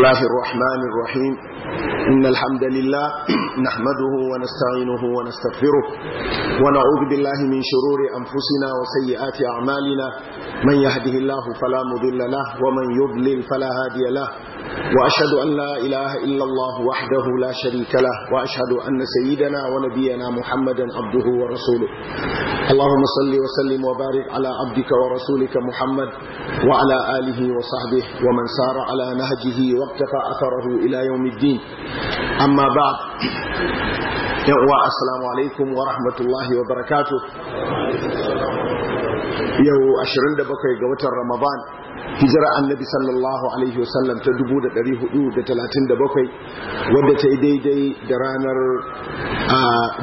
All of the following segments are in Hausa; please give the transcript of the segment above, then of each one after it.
الله الرحمن الرحيم إن الحمد لله نحمده ونستعينه ونستغفره ونعوذ بالله من شرور أنفسنا وسيئات أعمالنا من يهده الله فلا مضل له ومن يضلل فلا هادي له وأشهد أن لا إله إلا الله وحده لا شريك له وأشهد أن سيدنا ونبينا محمدا عبده ورسوله اللهم صل وسلم وبارك على عبدك ورسولك محمد وعلى آله وصحبه ومن سار على نهجه واقتفى أثره إلى يوم الدين أما بعد yan uwa assalamu alaikum wa rahmatullahi wa barakatu yau 27 ga watan ramadan hijira annabi sallallahu alaihi wa sallam ta 1437 wadda ta yi daidai da ranar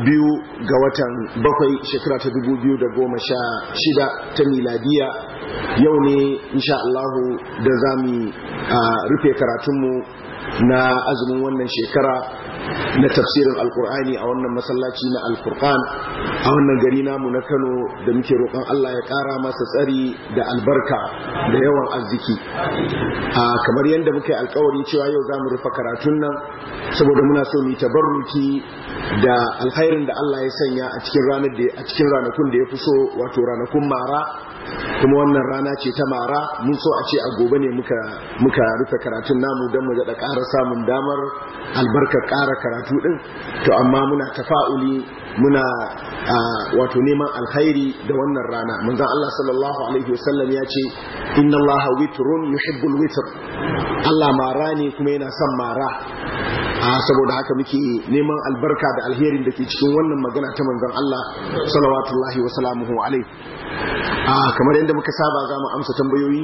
biyu ga watan bakwai shekara ta 2016 ta miladiya yau ne insha da za mu rufe karatunmu na azumin wannan shekara na tafsirin alkur'ani a wannan masallaci na alkur'an a wannan gari namu na kano da muke roƙon allah ya ƙara masa tsari da albarka da yawan arziki a kamar yadda muke yi alkawari cewa yau za mu rufe karatun nan saboda muna so mu tabarruki da alkhairin da allah ya sanya a cikin ranakun da ya fi so wato ranakun mara kuma wannan rana ce ta mara mun so a ce a gobe ne muka muka rufe karatun namu don mu da ƙara samun damar albarkar ƙara karatu ɗin to amma muna tafa'uli muna wato neman alkhairi da wannan rana manzon Allah sallallahu alaihi wasallam ya ce inna Allah witrun yuhibbul witr Allah mara ne kuma yana son mara a saboda haka muke neman albarka da alherin da ke cikin wannan magana ta manzon Allah sallallahu wa salamuhu alaihi kamar yadda muka saba za mu amsa tambayoyi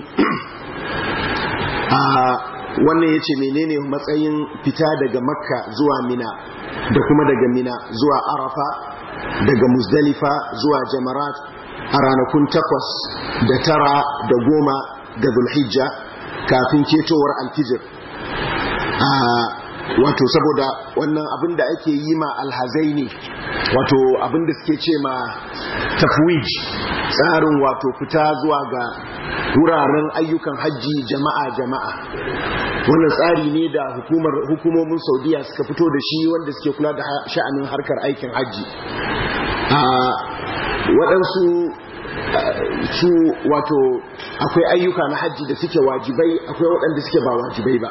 wannan ya ce menene matsayin fita daga makka zuwa mina da kuma daga mina zuwa arafa daga muzdalifa zuwa jamarat a ranakun takwas da tara da goma ga zulhijja kafin ketowar alfijir ah, wato saboda wannan abin da ake yi ma alhazai ne wato abin da suke ce ma tafwij tsarin wato fita zuwa ga wuraren ayyukan hajji jama'a jama'a wannan tsari ne da hukumar hukumomin saudiya suka fito da shi wanda suke kula da sha'anin harkar aikin hajji waɗansu su wato akwai ayyuka na hajji da suke wajibai akwai waɗanda suke ba wajibai ba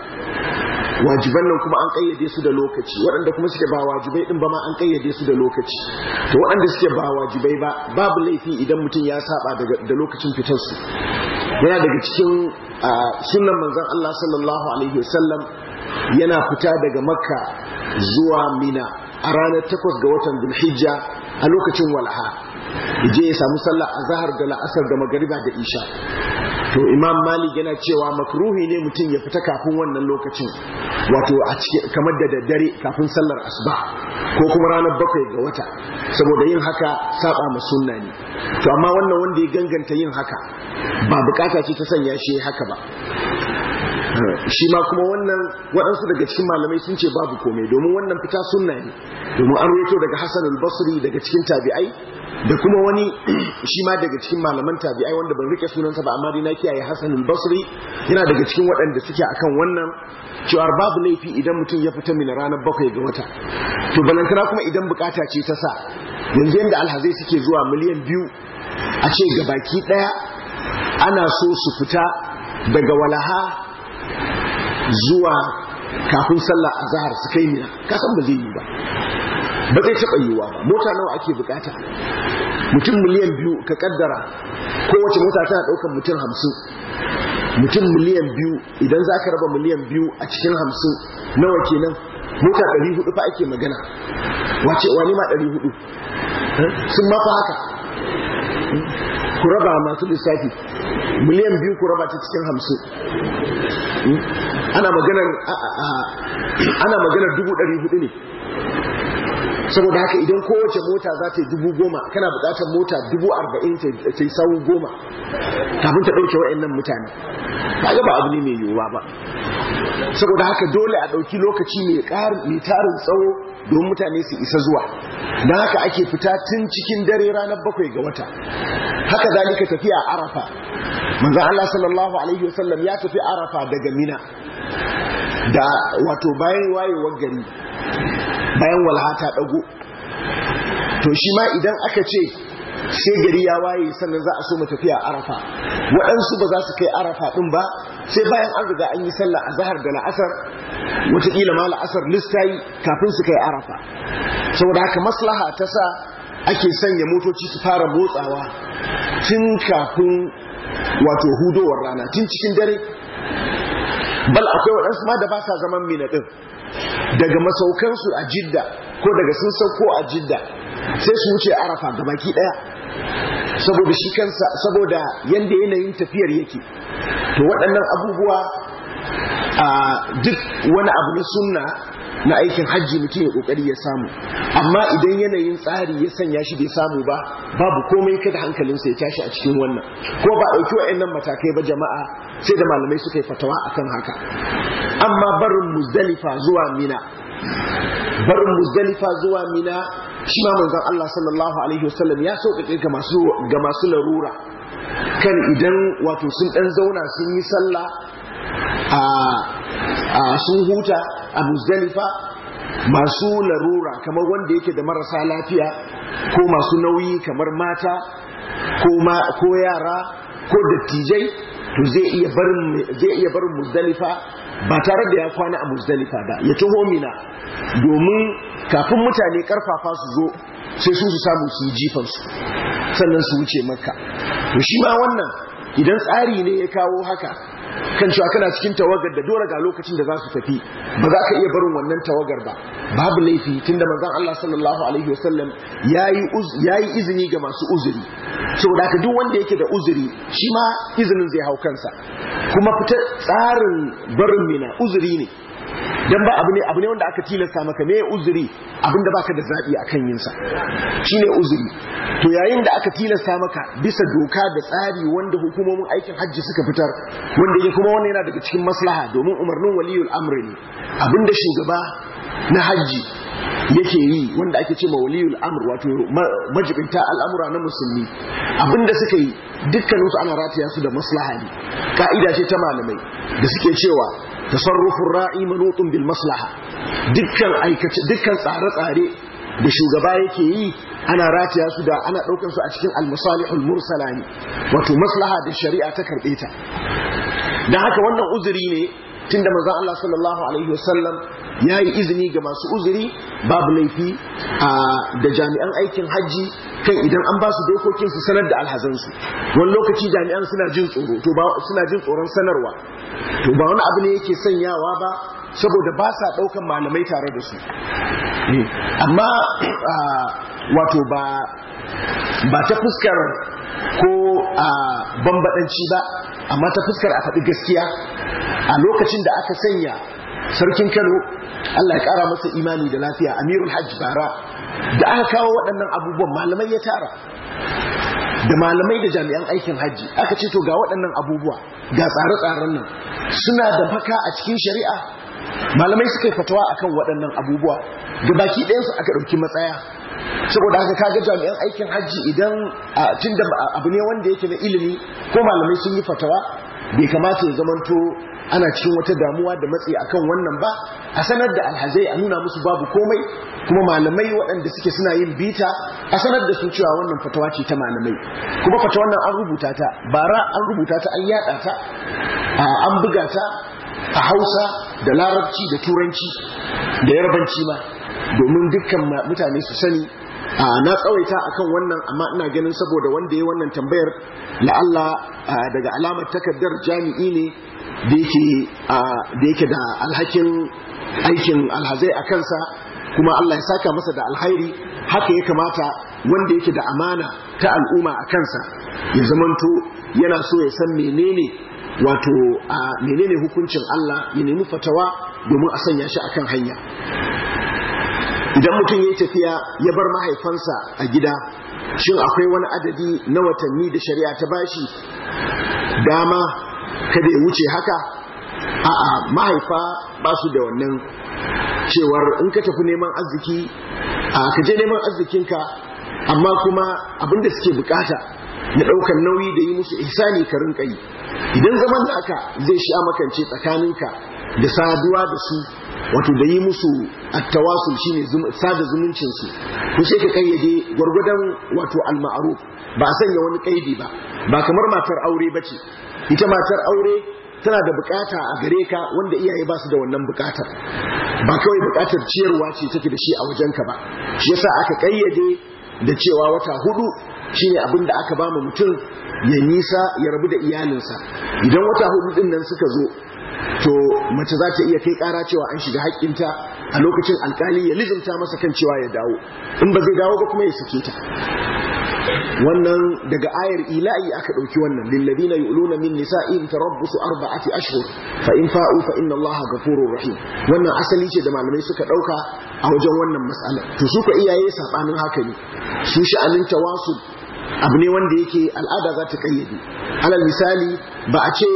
wajiban nan kuma an kayyade su da lokaci waɗanda kuma suke ba wajibai din ba ma an kayyade su da lokaci to waɗanda suke ba wajibai ba babu laifi idan mutum ya saba da lokacin fitar su yana daga cikin sunan manzon Allah sallallahu alaihi wasallam yana fita daga makka zuwa mina a ranar takwas ga watan dulhijja a lokacin walha je ya samu sallah a zahar da la'asar da magariba da isha to imam malik yana cewa makruhi ne mutum ya fita kafin wannan lokacin wato a kamar da daddare kafin sallar asuba ko kuma ranar bakwai ga wata saboda yin haka saba ma sunna ne to amma wannan wanda ya ganganta yin haka ba bukata ce ta sanya shi haka ba shi ma kuma wannan waɗansu daga cikin malamai sun ce babu komai domin wannan fita sunna ne domin an rito daga hassan al-basri daga cikin tabi'ai da kuma wani shi ma daga cikin malaman tabi'ai wanda ban rike sunansa ba amma dai na kiyaye hassan al-basri yana daga cikin waɗanda suke akan wannan cewar babu laifi idan mutum ya fita mina ranar bakwai ga wata to balantana kuma idan bukata ce ta sa yanzu yadda alhazai suke zuwa miliyan biyu a ce ga baki ɗaya ana so su fita daga walaha zuwa kafin sallah a zahar su kai mina kasan ba zai yi ba ba zai taɓa yiwuwa ba mota nawa ake bukata mutum miliyan biyu ka kaddara kowace mota tana ɗaukar mutum hamsin mutum miliyan biyu idan za ka raba miliyan biyu a cikin hamsin nawa kenan mota ɗari hudu fa ake magana wace wani ma ɗari hudu sun mafa haka ku raba masu lissafi miliyan biyu ku raba ta cikin hamsin ana maganar dubu ɗari hudu ne saboda haka idan kowace mota za ta yi dubu goma kana bukatar mota dubu arba'in ta yi sawu goma kafin ta ɗauke wa'annan mutane ba ga ba abu ne mai yiwuwa ba saboda haka dole a ɗauki lokaci mai tarin tsawo don mutane su isa zuwa don haka ake fita tun cikin dare ranar bakwai ga wata haka zalika a arafa manzan Allah sallallahu alaihi wasallam ya tafi arafa daga mina da wato bayan wayewar gari bayan walha ta dago to shi ma idan aka ce sai gari ya waye sannan za a so mu tafiya arafa waɗansu ba za su kai arafa ɗin ba sai bayan an riga an yi sallah a zahar da la'asar wataƙila ma la'asar listayi kafin su kai arafa saboda haka maslaha ta sa ake sanya motoci su fara motsawa tun kafin wato hudowar rana tun cikin dare bal akwai waɗansu ma da ba sa zaman mina ɗin daga masaukansu a jidda ko daga sun sauko a jidda sai su wuce arafa ga baki daya saboda shi kansa saboda yanda yanayin tafiyar yake to waɗannan abubuwa a duk wani abu na sunna na aikin hajji mutum ya kokari ya samu amma idan yanayin tsari ya sanya shi bai samu ba babu komai kada hankalinsa ya tashi a cikin wannan ko ba ɗauki wayannan matakai ba jama'a sai da malamai suka yi fatawa akan haka amma barin muzdalifa zuwa mina barin muzdalifa zuwa mina shi ma manzon Allah sallallahu alaihi wasallam ya sauƙaƙe ga masu ga masu larura kan idan wato sun ɗan zauna sun yi sallah a sun huta a zalifa masu larura kamar wanda yake da marasa lafiya ko masu nauyi kamar mata ko yara ko dattijai to zai iya barin muzdalifa ba tare da ya kwana a muzdalifa ba ya taho mina domin kafin mutane karfafa su zo sai su su samu su jifan su sannan su wuce maka to shi ma wannan idan tsari ne ya kawo haka kan cewa kana cikin tawagar da dora ga lokacin da za su tafi ba za ka iya barin wannan tawagar ba babu laifi tunda manzon Allah sallallahu alaihi wasallam yayi yayi izini ga masu uzuri saboda ka duk wanda yake da uzuri shi ma izinin zai hau kansa kuma fita tsarin barin mina uzuri ne dan ba abu ne abu ne wanda aka tilasta maka me uzuri abinda baka da zabi akan yinsa sa shine uzuri to yayin da aka tilasta maka bisa doka da tsari wanda hukumomin aikin hajji suka fitar wanda ya kuma wannan yana daga cikin maslaha domin umarnin waliyul amri ne abinda shugaba na hajji yake yi wanda ake ce ma waliyul amr wato majibinta al'amura na musulmi abinda suka yi dukkaninsu ana rataya su da maslaha ne ka'ida ce ta malamai da suke cewa tasarrufin ra'i manutun bilmaslaha dukkan tsare-tsare da shugaba yake yi ana rataya su da ana ɗaukan su a cikin al-masalihul mursalani wato maslaha da shari'a ta karɓe ta da haka wannan uzuri ne tunda manzon Allah sallallahu alaihi wasallam ya izini ga masu uzuri babu laifi da jami'an aikin hajji kan idan an ba su dokokin su sanar da alhazansu wani lokaci jami'an suna jin tsoro to ba suna jin tsoron sanarwa to ba wani abu ne yake sanyawa ba saboda ba sa daukan malamai tare da su eh, amma wato ba ba ta fuskar ko a bambadanci ba amma ta fuskar a faɗi gaskiya a lokacin da aka sanya sarkin kano allah ya ƙara masa imani da lafiya amirul hajji bara da aka kawo waɗannan abubuwan malamai ya tara da malamai da jami'an aikin hajji aka ce to ga waɗannan abubuwa ga tsare-tsaren nan suna da baka a cikin shari'a malamai suka yi fatawa akan waɗannan abubuwa da baki ɗayansu aka ɗauki matsaya saboda haka kaga jami'an aikin hajji idan tun da abu ne wanda yake na ilimi ko malamai sun yi fatawa bai kamata ya zamanto ana cikin wata damuwa da matsi akan wannan ba a sanar da alhazai a nuna musu babu komai kuma malamai waɗanda suke suna yin bita a sanar da su cewa wannan fatawa ce ta malamai kuma fata wannan an rubuta ta bara an rubuta ta an yaɗa ta an buga ta a hausa da larabci da turanci da yarbanci ba domin dukkan mutane su sani a na tsawaita akan wannan amma ina ganin saboda wanda ya wannan tambayar la'alla daga alamar takardar jami'i ne da yake da alhakin aikin alhazai a kansa kuma Allah ya saka masa da alhairi haka ya kamata wanda yake da amana ta al'umma a kansa ya zamanto yana so ya san menene wato a menene hukuncin Allah ya nemi fatawa domin a sanya shi akan hanya idan mutum ya yi tafiya ya bar mahaifansa a gida shin akwai wani adadi na watanni da shari'a ta bashi dama kada ya wuce haka a'a mahaifa ba su da wannan cewar in ka tafi neman arziki a ka je neman arzikinka amma kuma abin da suke bukata na ɗaukar nauyi da yi musu ihsani ka rinka yi idan zaman da aka zai sha makance tsakaninka da saduwa da su wato da yi musu attawasul ne sada zumuncin su to sai ka kayyade gwargwadon wato alma'aruf ba a sanya wani kaidi ba ba kamar matar aure ba ce. ita matar aure tana da bukata a gare ka wanda iyaye ba su da wannan bukatar ba kawai bukatar ciyarwa ce take da shi a wajenka ba shi yasa aka kayyade da cewa wata hudu ne abin da aka ba mu mutum ya nisa ya rabu da iyalinsa idan wata hudu din nan suka zo to mace za ta iya kai kara cewa an shiga haƙƙinta a lokacin alkali ya lizinta masa kan cewa ya dawo in ba zai dawo ba kuma ya sake ta wannan daga ayar ila'i aka ɗauki wannan lillazina yu'luna min nisa'in tarabbusu arba'ati ashhur fa in fa'u fa inna Allaha ghafurur rahim wannan asali ce da malamai suka ɗauka a wajen wannan matsalar. to su ka iyaye sabanin haka ne su sha'anin tawasul abu ne wanda yake al'ada za ta kayyade alal misali ba a ce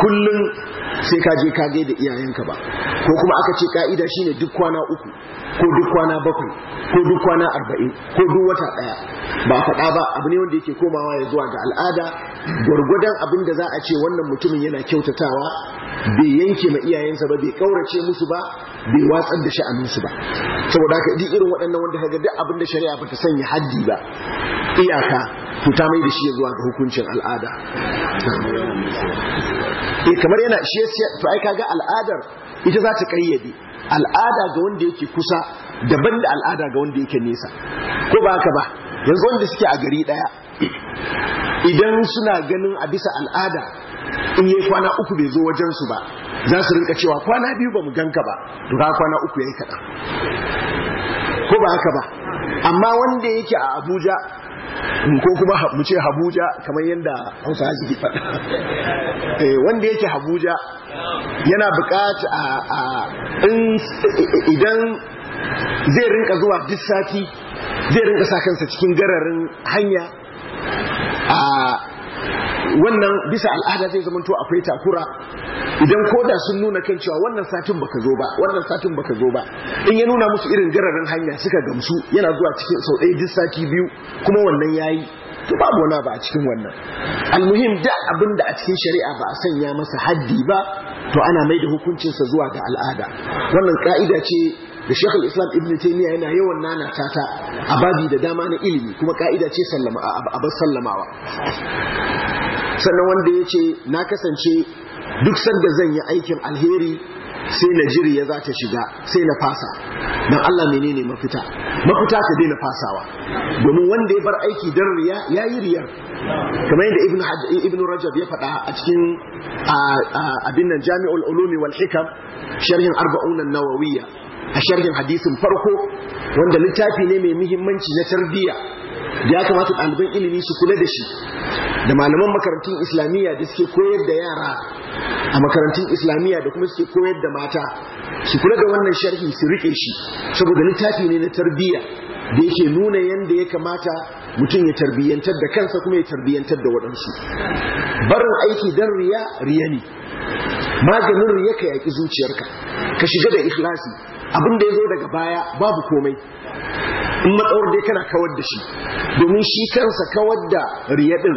kullum sai ka je ka gaida iyayenka ba ko kuma aka ce ka'ida shine duk kwana uku ko duk kwana bakwai ko duk kwana arba'in ko duk wata daya ba faɗa ba abu ne wanda yake komawa ya zuwa ga al'ada gwargwadon abin da za a ce wannan mutumin yana kyautatawa bai yanke ma iyayensa ba bai kaurace musu ba bai watsar da sha'aninsu ba saboda haka duk irin waɗannan wanda kaga duk abin da shari'a ba ta sanya haddi ba iyaka to ta mai da shi zuwa ga hukuncin al'ada eh kamar yana shi ga to ai kaga al'adar ita za ta kayyade al'ada ga wanda yake kusa daban da al'ada ga wanda yake nesa ko ba haka ba yanzu wanda suke a gari daya idan suna ganin a bisa al'ada in yi kwana uku bai zo wajensu ba za su rinka cewa kwana biyu ba mu ganka ba to ka kwana uku yayi kaɗan ko ba haka ba amma wanda yake a abuja ko kuma mu ce habuja kamar yadda hausa ke faɗa eh, wanda yake habuja yana buƙaci a idan zai rinka zuwa duk sati zai rinka sa kansa cikin gararin hanya a wannan bisa al'ada zai zamanto akwai takura idan koda sun nuna kan cewa wannan satin baka zo ba wannan satin baka zo ba in ya nuna musu irin gararin hanya suka gamsu yana zuwa cikin sau ɗaya duk sati biyu kuma wannan yayi to babu wani ba a cikin wannan almuhim da abin da a cikin shari'a ba a sanya masa haddi ba to ana mai da hukuncinsa zuwa ga al'ada wannan ka'ida ce da shekul islam ibn taimiyya yana yawan nana tata a babi da dama na ilimi kuma ka'ida ce sallama a sallamawa sannan wanda ya ce na kasance duk sanda zan yi aikin alheri sai na jiriya za ta shiga sai na fasa don Allah menene mafita mafita ka daina fasawa domin wanda ya bar aiki don riya ya yi riyar kamar yadda ibn rajab ya faɗa a cikin abin nan jami'ul ulumi wal hikam sharhin arba'unan nawawiya a sharhin hadisin farko wanda littafi ne mai muhimmanci na tarbiyya da ya kamata ɗaliban ilimi su kula da shi da malaman makarantun islamiyya da suke koyar da yara a makarantun islamiyya da kuma suke koyar da mata su kula da wannan sharhi su rike shi saboda littafi ne na tarbiyya da yake nuna yadda ya kamata mutum ya tarbiyyantar da kansa kuma ya tarbiyyantar da waɗansu barin aiki don riya riya ne maganin riya ka yaƙi zuciyarka ka shiga da ikhlasi abin da ya zo daga baya babu komai in matsawar dai kana kawar da shi domin shi kansa kawar da riyadin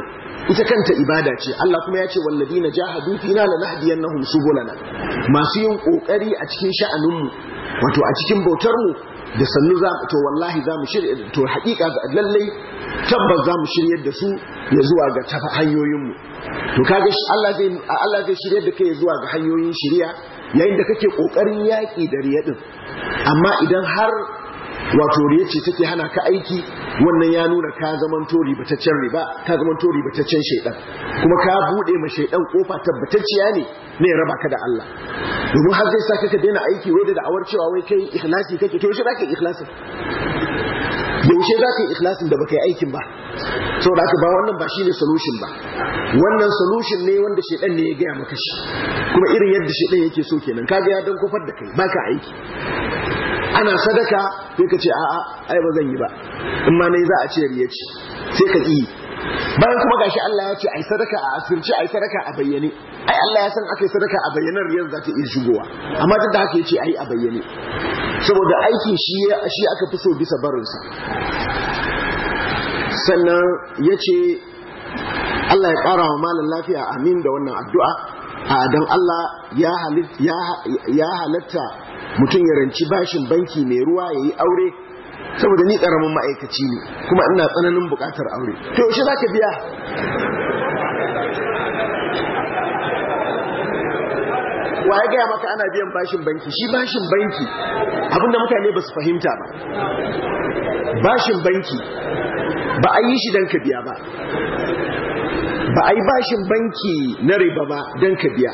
ita kanta ibada ce Allah kuma ya ce walladina jahadu fina lanahdiyannahum subulana masu yin kokari a cikin sha'aninmu wato a cikin bautar mu da sannu za to wallahi za mu shirya to hakika lallai tabbas za mu shirya da su ya zuwa ga hanyoyinmu to kaga Allah zai Allah zai shiryar da kai zuwa ga hanyoyin shiriya yayin da kake kokarin yaki da riya amma idan har wato riya ce take hana ka aiki wannan ya nuna ka zaman tori bataccen riba ka zaman tori bataccen shaidan kuma ka bude ma shaidan kofa tabbatacciya ne ne raba ka da Allah domin har zai saka ka daina aiki wai da da'awar cewa wai kai ikhlasi kake to shi kai ikhlasi yaushe za ka yi ikhlasin da baka yi aikin ba saboda aka ba wannan ba shine solution ba wannan solution ne wanda shedan ne ya gaya maka shi kuma irin yadda shedan yake so kenan kaga ya dan kwafar da kai baka aiki ana sadaka sai ka ce a'a ai ba zan yi ba in ma ne za a ce riyaci ce sai ka yi bayan kuma gashi Allah ya ce ai sadaka a asirci ai sadaka a bayyane ai Allah ya san akai sadaka a bayyane riyar za ta iya shigowa amma duk da haka yace ai a bayyane saboda aikin shi shi aka fi so bisa barinsa sannan yace Allah ya ƙara wa malam lafiya amin da wannan addu'a a dan Allah ya halitta mutum ya ranci bashin banki mai ruwa ya yi aure saboda ni karamin ma'aikaci ne kuma ina tsananin bukatar aure to yaushe za ka biya wa ya gaya maka ana biyan bashin banki shi bashin banki abinda mutane ba su fahimta ba bashin banki ba a yi shi don ka biya ba ba a yi bashin banki na riba ba don ka biya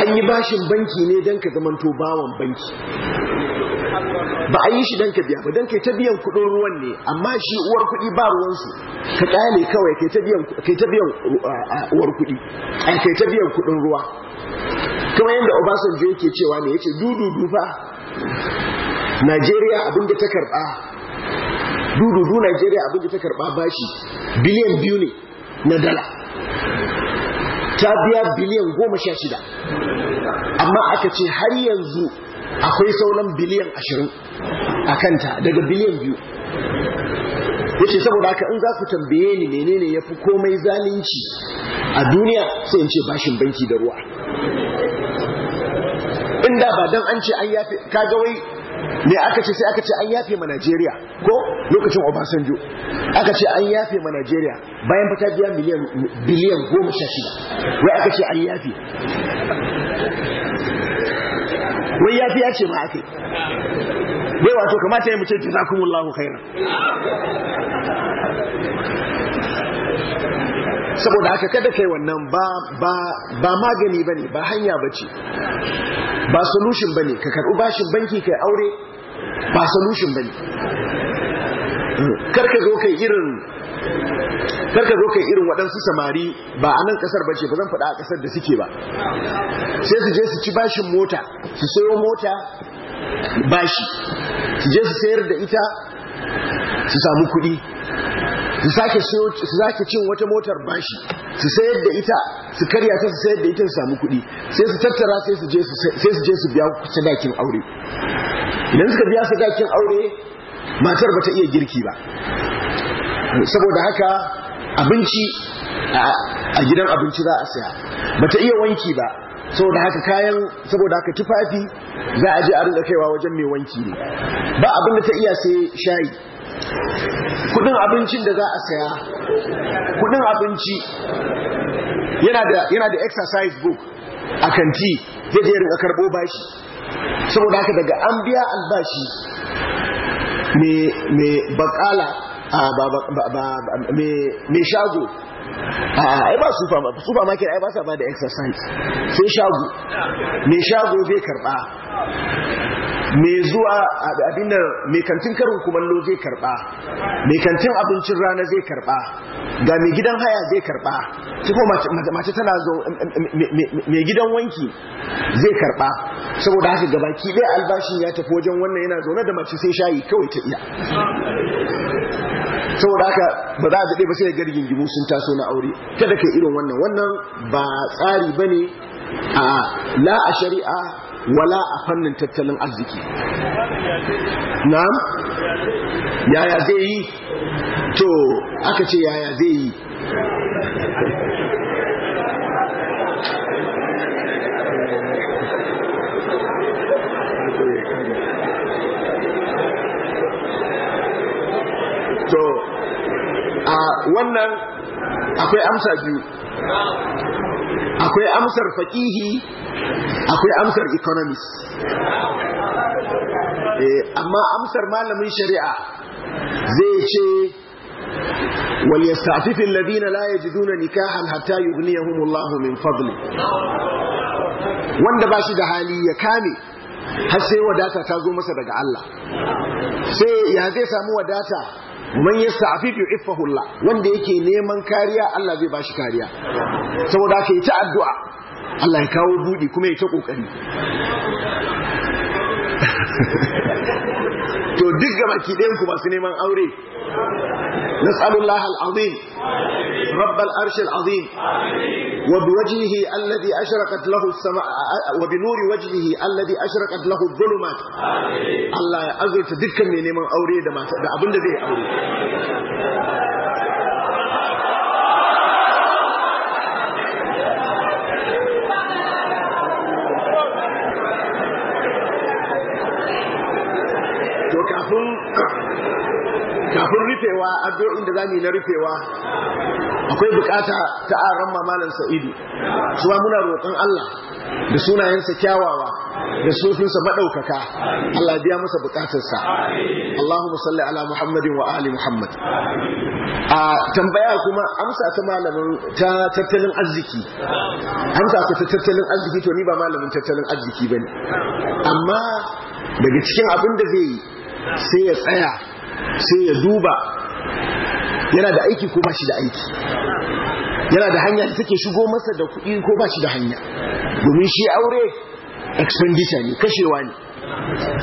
an yi bashin banki ne don ka zamanto bawan banki ba a yi shi dan ka biya ba dan kai ta biyan kudin ruwan ne amma shi uwar kudi ba ruwan su ka kyale kawai kai ta biyan uwar kudi ai kai ta biyan uh, uh, kudin ruwa kuma yanda Obasanjo yake cewa ne yace dudu dufa Najeriya abin da ta karba Najeriya abin da ta karba bashi biliyan biyu ne na dala ta biya biliyan goma sha shida amma aka ce har yanzu akwai sauran biliyan ashirin a kanta daga biliyan biyu yace saboda haka in za ku tambaye ni menene ya fi komai zalunci a duniya sai in ce bashin banki da ruwa inda ba don an ce an yafe kaga wai me aka ce sai aka ce an yafe ma Najeriya ko lokacin Obasanjo aka ce an yafe ma Najeriya bayan fata biya miliyan biliyan goma sha shida wai aka ce an yafe wai ya fi ya ce ma ake bai wato kamata ya mu ce jazakumullahu kaina saboda haka kada kai wannan ba magani ba magani bane ba hanya bace ba solution bane ka karɓi bashin banki kai aure ba solution bane karka zo kai irin karka zo kai irin waɗansu samari ba a nan ƙasar ba ce ba zan faɗa a ƙasar da suke ba sai su je su ci bashin mota su sayo mota bashi su je su sayar da ita su samu kuɗi su sake cin wata motar bashi su sayar da ita su karya ta su sayar da ita su samu kuɗi sai su tattara sai su je su biya sadakin aure idan suka biya sadakin aure matar ba ta iya girki ba saboda haka abinci a gidan abinci za a saya ta iya wanki ba saboda haka kayan saboda haka tufafi za a je a rinka kaiwa wajen mai wanki ne ba abin da ta iya sai shayi kudin abincin da za a saya kudin abinci yana da exercise book a kanti zai je rinka karbo bashi saboda haka daga an biya albashi mai bakala Ah, a ba ba me shago ai ba supermarket ai ba sa ba da exercise sai shago mai shago zai karba mai zuwa abinda mai kantin karin kumallo zai karba mai kantin abincin rana zai karba ga mai gidan haya zai karba tuko mace tana zo mai gidan wanki zai karba saboda haka ki ɗaya albashin ya tafi wajen wannan yana zaune da mace sai shayi kawai ta iya saboda haka ba za a daɗe ba sai gargin rigingimu sun taso na aure kada ka irin wannan wannan ba tsari bane a la a shari'a wala a fannin tattalin arziki na'am yaya zai yi to aka ce yaya zai yi wannan akwai amsa biyu akwai amsar faƙihi akwai amsar economist eh, amma amsar malamin shari'a zai ce wal yastafifin ladina la yajiduna nikahan hatta yughniyahumullahu min fadli wanda ba shi da hali ya kame har sai wadata ta zo masa daga Allah sai ya zai samu wadata man yasta'fif yu'iffahu hulla, wanda yake neman kariya Allah zai bashi kariya saboda aka yi ta addu'a Allah ya kawo budi kuma ya ta kokari to duk ga baki ɗayan ku masu neman aure nas'alullahi al-azim rabbal arshil azim وبوجهه الذي أشرقت له السماء وبنور وجهه الذي أشرقت له الظلمات الله يا أزرت دكا من من ده ما ده أبن زي اوري rufewa addu'o'in da zamu yi na rufewa akwai bukata ta aran mamalan sa'idu suwa muna roƙon Allah da sunayensa kyawawa da sufinsa maɗaukaka. Allah biya masa bukatarsa Allahumma salli ala Muhammadin wa ali Muhammad a tambaya kuma amsa ta malamin ta tattalin arziki amsa ta tattalin arziki to ni ba malamin tattalin arziki ba ne. amma daga cikin abin da zai yi sai ya tsaya sai ya duba yana da aiki ko ba shi da aiki yana da hanya da take shigo masa da kuɗi ko ba shi da hanya domin shi aure expenditure ne kashewa ne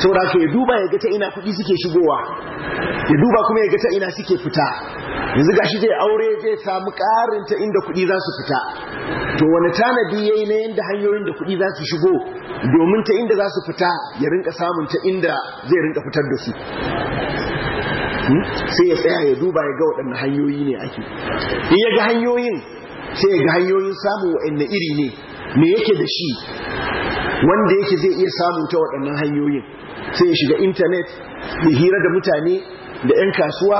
saura ka ya duba ya ga ta ina kuɗi suke shigowa ya duba kuma ya ga ta ina suke fita yanzu shi zai aure zai samu ƙarin ta inda kuɗi za su fita to wani tanadi ya yi na yanda hanyoyin da kuɗi za su shigo domin ta inda za su fita ya rinka samun ta inda zai rinka fitar da su Hmm? sai ya tsaya ya duba ya ga waɗanda hanyoyi ne ake in ya ga hanyoyin sai ya ga hanyoyin samun waɗanda iri ne me yake da shi wanda yake zai iya samun ta waɗannan hanyoyin sai ya shiga intanet ya hira da mutane da 'yan kasuwa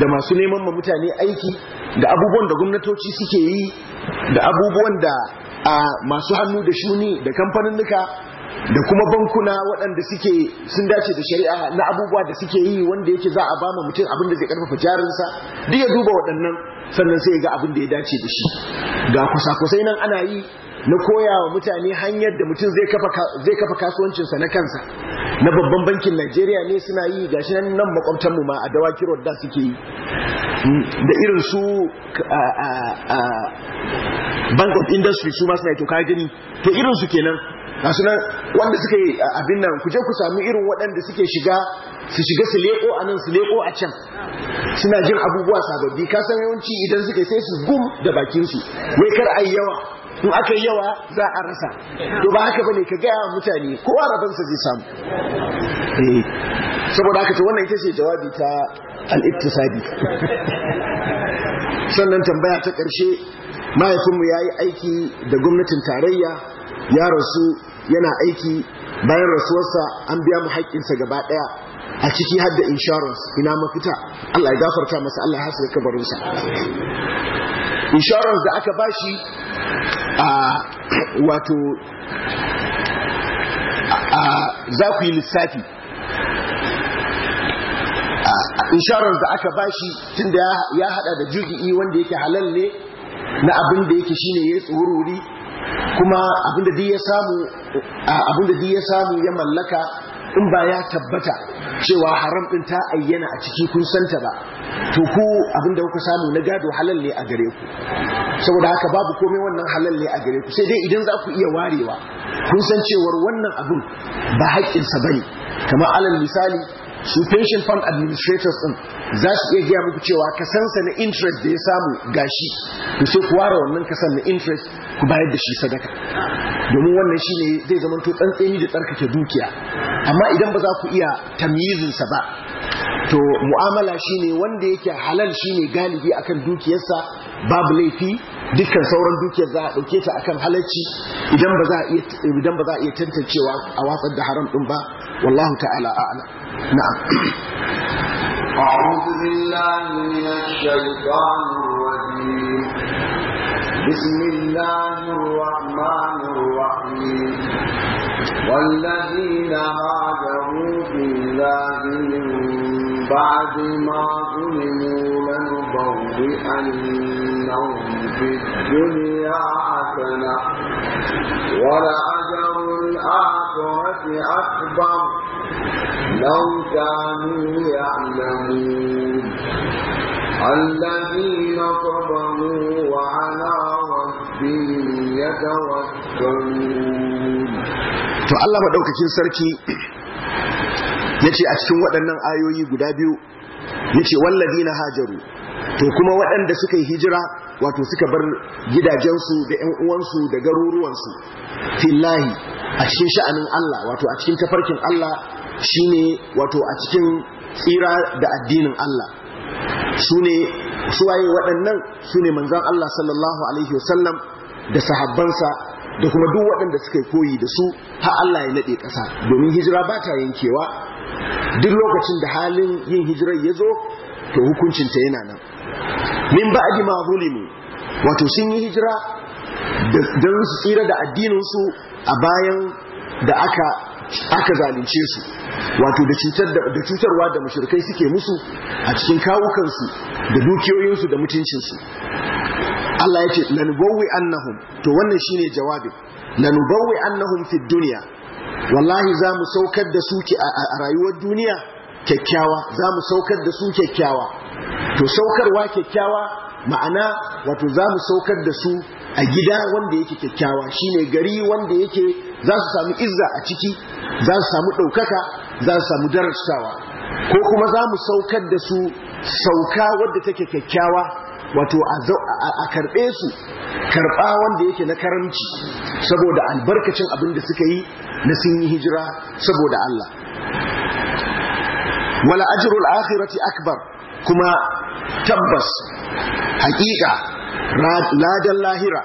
da masu neman ma mutane aiki da abubuwan da gwamnatoci suke yi da abubuwan da masu hannu da shuni da kamfanin nuka da kuma bankuna waɗanda suke sun dace da shari'a na abubuwa da suke yi wanda yake za a bama mutum abin da zai karfafa jarinsa duk ya duba waɗannan sannan sai ga abin da ya dace da shi ga kusa-kusai nan ana yi na koya wa mutane hanyar da mutum zai kafa kasuwancinsa na kansa na babban bankin Najeriya ne suna yi gashi nan nan makwabtanmu ma a dawaki da suke yi da irin su bank of industry su ma suna yi to ka gani to irin su kenan kasu nan wanda suka yi abin nan kuje ku sami irin waɗanda suke shiga su shiga su leko a nan su leko a can suna jin abubuwa sababbi kasan yawanci idan suka sai su gum da bakinsu wai kar a yawa in aka yawa za a rasa to ba haka bane ka gaya mutane kowa rabansa zai samu eh. saboda haka ta wannan ita ce jawabi ta al sannan tambaya ta ƙarshe mahaifinmu ya yi aiki da gwamnatin tarayya ya rasu yana aiki bayan rasuwarsa an biya mu haƙƙinsa gaba ɗaya a ciki hadda insurance ina mafita Allah ya gafarta masa Allah ya haska kabarinsa insurance da aka bashi a wato a za ku yi lissafi insurance da aka bashi da ya hada da juzi'i wanda yake halal ne na abin da yake shine ya tsururi kuma abinda duk ya samu ya samu ya mallaka in ba ya tabbata cewa haram din ta ayyana a ciki kun santa ba to ku abinda kuka samu na gado halal ne a gare ku saboda haka babu komai wannan halal ne a gare ku sai dai idan za ku iya warewa kun san cewar wannan abun ba haƙƙinsa bane kamar alal misali su pension fund administrators din za su iya gaya muku cewa kasansa na interest da ya samu gashi ku sai ku ware wannan kasan na interest ku bayar da shi sadaka domin wannan shine zai zama to tsantseni da tsarkake dukiya amma idan ba za ku iya tamyizinsa ba to mu'amala shine wanda yake halal shine galibi akan dukiyarsa babu laifi dukkan sauran dukiyar za a ɗauke ta akan halacci idan ba za a iya idan ba za a iya tantancewa a watsar da haram din ba wallahu ta'ala a'ala na'am أعوذ بالله من الشيطان الرجيم بسم الله الرحمن الرحيم والذين هاجروا في الله من بعد ما ظلموا لنبوئن لهم في الدنيا حسنة ولأجر الآخرة أكبر لو كانوا يعلمون الذين صبروا وعلى ربهم يتوكلون to Allah maɗaukakin sarki ya a cikin waɗannan ayoyi guda biyu ya ce wallazi na hajaru to kuma waɗanda suka yi hijira wato suka bar gidajensu da ‘yan uwansu da garuruwansu fillahi a cikin sha'anin Allah wato a cikin tafarkin Allah shine wato a cikin tsira da addinin Allah su ne suwaye waɗannan su ne manzan Allah sallallahu alaihi wasallam da sahabbansa da kuma duk waɗanda suka yi koyi da su ha Allah ya naɗe ƙasa domin hijira ba ta yankewa duk lokacin da halin yin hijirar ya zo to hukuncinta yana nan min ba'di ma zulimu wato sun yi hijira don su tsira da addininsu a bayan da aka aka zalunce su wato da cutar da cutarwa da mushrikai suke musu a cikin kawukansu da dukiyoyinsu da mutuncinsu Allah ya ce lanubawwi annahum to wannan shine jawabi lanubawwi annahum fi dunya wallahi za mu saukar da su a rayuwar duniya kyakkyawa za mu saukar da su kyakkyawa to saukarwa kyakkyawa ma'ana wato za mu saukar da su a gida wanda yake kyakkyawa shine gari wanda yake za su samu izza a ciki za su samu ɗaukaka za su samu darasawa ko kuma za mu saukar da su sauka wadda take kyakkyawa wato a karɓe su karɓa wanda yake na karamci saboda albarkacin abin da suka yi na sun yi hijira saboda Allah wala ajrul akhirati akbar kuma tabbas hakika ladan lahira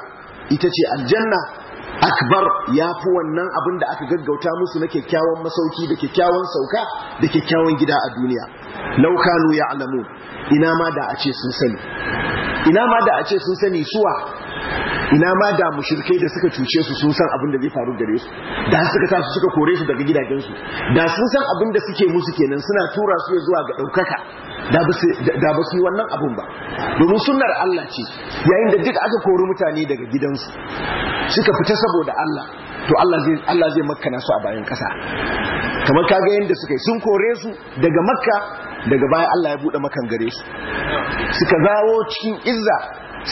ita ce aljanna akbar ya fi wannan abin da aka gaggauta musu na kyakkyawan masauki da kyakkyawan sauka da kyakkyawan gida a duniya laukanu ya alamu ina ma da a ce sun sani ina ma da a ce sun sani suwa ina ma da mushirkai da suka cuce su sun san abin da zai faru gare su da suka sa suka kore su daga gidajensu da sun san abin da suke musu kenan suna tura su zuwa ga ɗaukaka da ba su yi wannan abun ba domin sunnar Allah ce yayin da duk aka kori mutane daga gidansu suka fita saboda Allah to Allah zai makana su a bayan kasa. kamar kaga yadda suka yi sun kore su daga makka daga baya Allah ya buɗe makan gare su suka zawo cikin izza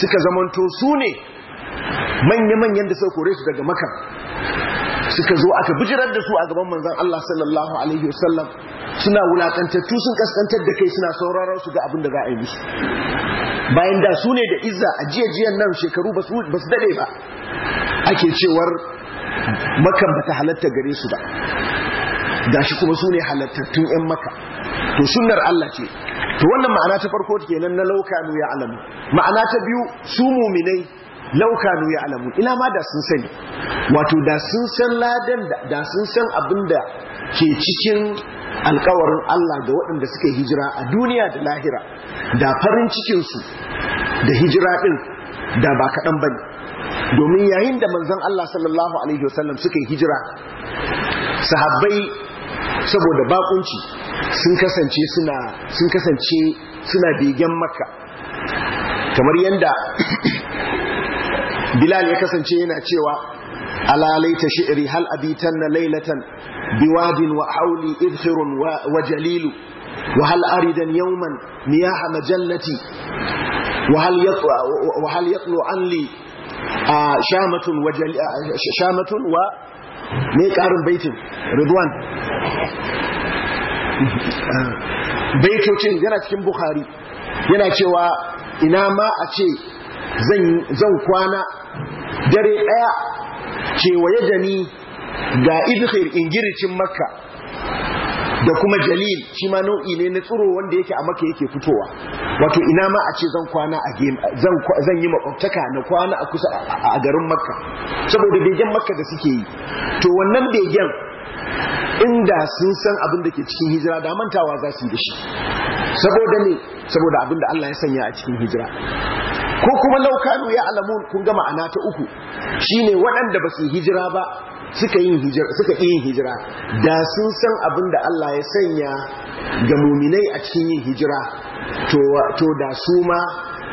suka zamanto su ne manya-manyan da suka kore su daga makka. suka zo aka bijirar da su a gaban manzon Allah sallallahu alaihi wasallam suna wulakantattu sun kaskantar da kai suna sauraron su ga abin da za a yi musu bayan da su ne da izza a jiyajiyan nan shekaru ba su dade ba ake cewar makan bata halatta gare su ba gashi kuma su ne halattattun 'yan maka to sunnar Allah ce to wannan ma'ana ta farko kenan na lauka nu ya alamu ma'ana ta biyu su muminai laukanu ya alamu ina ma da sun sani wato da sun san ladan da sun san abin da ke cikin alkawarin Allah da waɗanda suka hijira a duniya da lahira da farin cikinsu da hijira ɗin da ba kaɗan ba ne domin yayin da manzan Allah sallallahu Alaihi wasallam suka hijira sahabbai saboda bakunci sun kasance suna sun kasance suna begen makka kamar yadda bilal ya kasance yana cewa alalaita shi'ri hal abitanna laylatan biwadin wa hauli idkhirun wa jalilu wa hal aridan yawman majallati wa hal yatlu anli shamatun wa shamatun wa me karin baitin ridwan baitocin yana cikin bukhari yana cewa ina ma a ce zan kwana dare ɗaya kewaye da ni ga idhir ingiricin makka da kuma jalil shi ma nau'i ne na tsiro wanda yake a maka yake fitowa wato ina ma a ce zan kwana a zan yi makwabtaka na kwana a kusa a garin makka saboda begen makka da suke yi to wannan begen inda sun san abin da ke cikin hijira da mantawa za su yi da shi saboda ne saboda abin da Allah ya sanya a cikin hijira ko kuma laukanu ya alamun kun gama ana ta uku shine waɗanda ba su hijira ba suka yin hijira suka yin hijira da sun san abin da Allah ya sanya ga muminai a cikin yin hijira to da su ma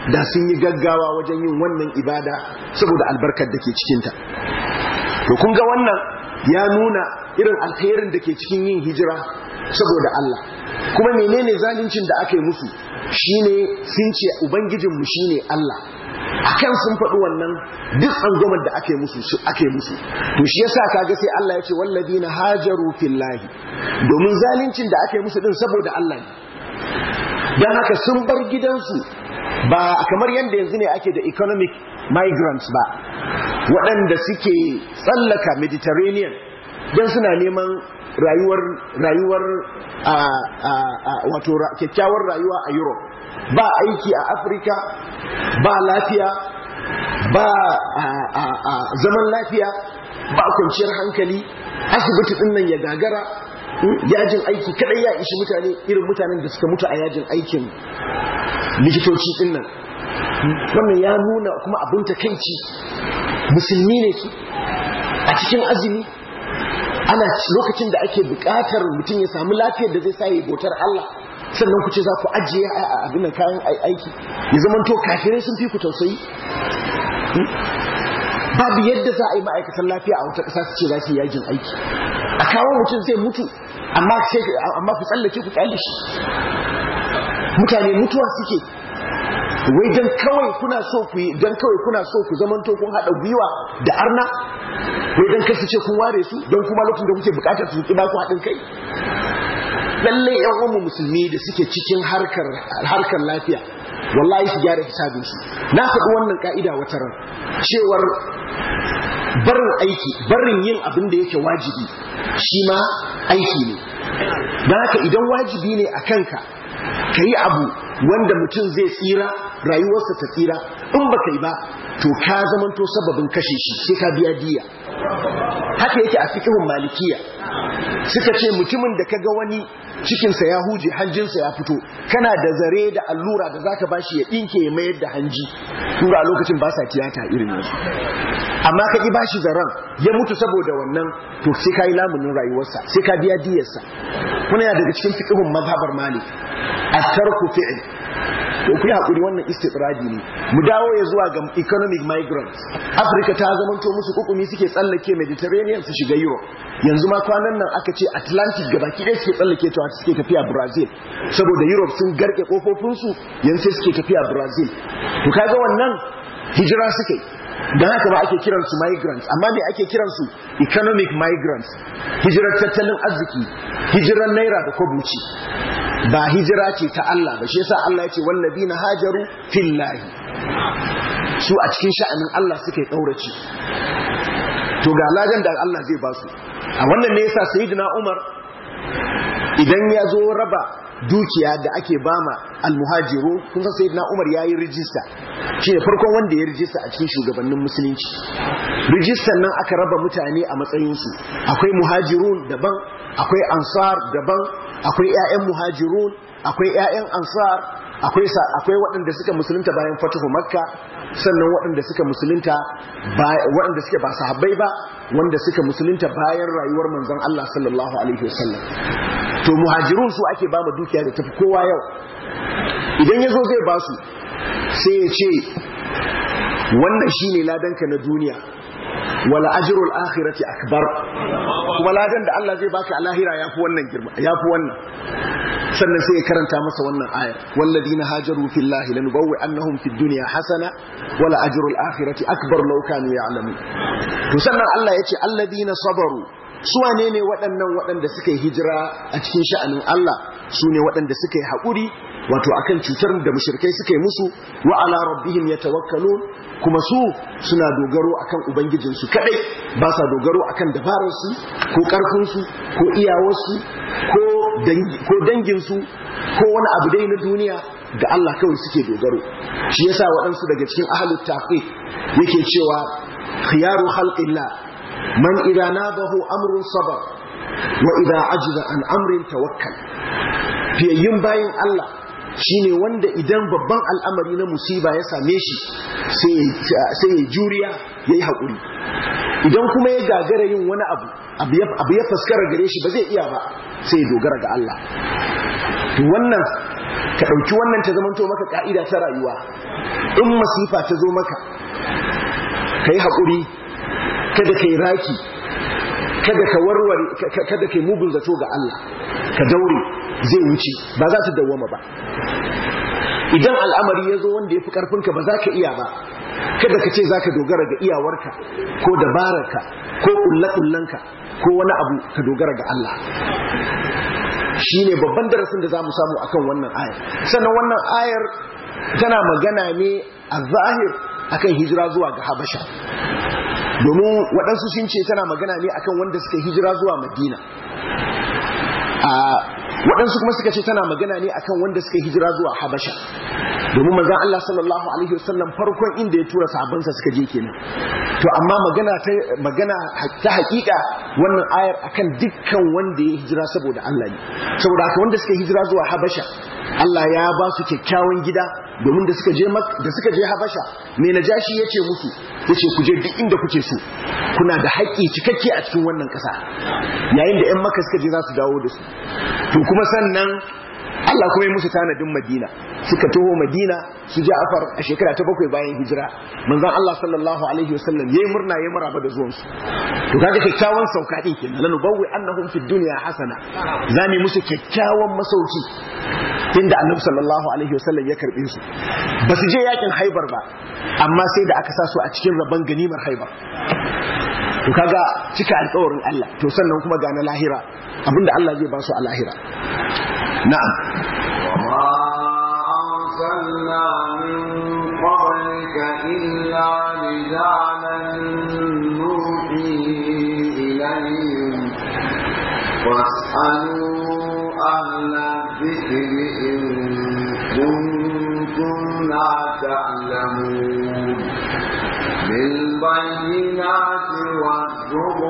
da sun yi gaggawa wajen yin wannan ibada saboda albarkar da ke cikinta to kun ga wannan ya nuna irin alherin da ke cikin yin hijira saboda Allah kuma menene zaluncin da aka yi musu shine sun ce ubangijinmu shine Allah akan sun faɗi wannan duk tsangwamar da ake musu su ake musu to shi yasa ga sai Allah ya ce walladina hajaru fillahi domin zaluncin da ake musu din saboda Allah ne dan haka sun bar gidansu ba kamar yadda yanzu ne ake da economic migrants ba waɗanda suke tsallaka mediterranean dan suna neman rayuwar rayuwar wato kyakkyawar rayuwa a Europe ba aiki a Afirka ba lafiya ba a zaman lafiya ba kwanciyar hankali asibiti din nan ya gagara hmm, yajin aiki kadai ya ishi mutane irin mutanen da suka mutu a yajin aikin likitoci din nan wannan ya nuna kuma abin takaici musulmi ne su a cikin azumi ana lokacin da ake bukatar mutum ya samu lafiyar da zai sa ya bautar Allah sannan ku ce za ku ajiye a abin kayan aiki ya zama to kafirai sun fi ku tausayi babu yadda za a yi ma'aikatan lafiya a wata ƙasa su ce za su yi yajin aiki a kawo mutum zai mutu amma ku tsallake ku kyale shi mutane mutuwa suke wai don kawai kuna so ku don kawai kuna so ku zamanto kun hada gwiwa da arna wai kai kasu ce kun ware su don kuma lokacin da kuke bukatar su ba ku hadin kai lalle yan uwan musulmi da suke cikin harkar harkar lafiya wallahi su gyara hisabin su na faɗi wannan ka'ida wata ran cewar barin aiki barin yin abin da yake wajibi shi ma aiki ne don haka idan wajibi ne a kanka ka yi abu wanda mutum zai tsira rayuwarsa ta tsira in ba ka yi ba to ka zamanto sababin kashe shi sai ka biya diya haka yake a cikin malikiya suka ce mutumin da kaga wani cikinsa ya huje hanjinsa ya fito kana da zare da allura da zaka bashi ya dinke ya mayar da hanji tura a lokacin ba sa tiyata irin yanzu amma ka ki bashi zaren ya mutu saboda wannan to sai ka yi lamunin rayuwarsa sai ka biya diyarsa kuna daga cikin fiqhun mazhabar malik at-tarku fi'l ku yi hakuri wannan istidradi ne mu dawo ya zuwa ga economic migrants Afirka ta zamanto musu kukumi suke tsallake Mediterranean su shiga Europe yanzu ma kwanan nan aka ce Atlantic gaba ɗaya suke tsallake ta suke tafiya Brazil saboda Europe sun garke kofofinsu yanzu sai suke tafiya Brazil to kaga wannan hijira suke don haka ba ake kiransu migrants amma me ake kiransu economic migrants hijirar tattalin arziki hijirar naira da kwabuci ba hijira ce ta Allah ba shi yasa Allah ya ce na hajaru fillahi su a cikin sha'anin Allah suka yi ɗaurace to ga lajan da Allah zai ba su a wannan ne yasa sayyidina Umar idan ya zo raba dukiya da ake bama almuhajiru kun san sayyidina Umar yayi rijista shi ne farkon wanda ya rijista a cikin shugabannin musulunci rijistan nan aka raba mutane a matsayin su akwai muhajirun daban akwai ansar daban akwai ƴaƴan muhajirun akwai ƴaƴan ansar akwai sa akwai waɗanda suka musulunta bayan fatuhu makka sannan waɗanda suka musulunta waɗanda suke ba sahabbai ba wanda suka musulunta bayan rayuwar manzon Allah sallallahu alaihi wasallam to muhajirun su ake ba mu dukiya da tafi kowa yau idan yazo zai ba su sai ya ce wannan shine ladanka na duniya wala ajrul akhirati akbar kuma ladan da Allah zai baka a lahira yafi wannan girma yafi wannan sannan sai ya karanta masa wannan aya na hajaru fillahi lanubawwi annahum fid dunya hasana wala ajrul akhirati akbar law kanu ya'lamun to sannan Allah yace na sabaru su wane ne waɗannan waɗanda suka yi hijira a cikin sha'anin Allah su ne waɗanda suka yi haƙuri wato akan cutar da mushrikai suka yi musu wa ala rabbihim yatawakkalun kuma su suna dogaro akan ubangijinsu kadai ba sa dogaro akan dabararsu ko karfinsu ko iyawarsu ko danginsu ko wani abu dai na duniya da Allah kawai suke dogaro shi yasa waɗansu daga cikin ahlul taqiq yake cewa khiyaru khalqilla man idza nabahu amrun sabar wa idza ajza an amrin tawakkal fiyayyin bayin Allah shine wanda idan babban al'amari na musiba ya same shi sai ya juriya ya yi haƙuri idan kuma ya gagara yin wani abu abu ya faskara gare shi ba zai iya ba sai ya dogara ga Allah wannan ka ɗauki wannan ta zamanto maka ƙa'ida ta rayuwa in masifa ta zo maka ka yi haƙuri kada ka yi raki kada ka warware kada ka yi mugun zato ga Allah ka daure zai wuce ba za su dawwama ba idan al'amari ya zo wanda ya fi karfinka ba za ka iya ba kada ka ce za ka dogara ga iyawarka ko dabararka ko ƙullaƙullanka ko wani abu ka dogara ga Allah shi ne babban darasin da za mu samu akan wannan ayar sannan wannan ayar tana magana ne a zahir akan hijira zuwa ga habasha domin waɗansu sun ce tana magana ne akan wanda suka hijira zuwa madina a waɗansu kuma suka ce tana magana ne akan wanda suka hijira zuwa habasha domin manzon Allah sallallahu alaihi wasallam farkon inda ya tura sabonsa suka je kenan to amma magana ta magana ta hakika wannan ayar akan dukkan wanda ya hijira saboda Allah ne saboda haka wanda suka hijira zuwa habasha Allah ya ba su kyakkyawan gida domin da suka je da suka je Habasha me najashi yace musu yace ku kuje duk inda kuke so kuna da haƙƙi cikakke a cikin wannan ƙasa yayin da ƴan Makka suka je za su dawo da su to kuma sannan Allah kuma ya musu tanadin Madina suka taho Madina su Ja'far a shekara ta bakwai bayan hijira manzon Allah sallallahu alaihi wasallam yayi murna yayi maraba da zuwan su to kaga kyakkyawan sauka din kenan lanu bawwi annahum fid dunya hasana zani musu kyakkyawan masauki inda Annabi sallallahu alaihi wasallam ya karbe su basu je yakin Haibar ba amma sai da aka sa su a cikin rabon ganimar Haibar to kaga cika alƙawarin Allah to sannan kuma ga na lahira abinda Allah zai ba su a lahira na'am واسألوا أهل الذكر إن كنتم لا تعلمون بالبينات والزبر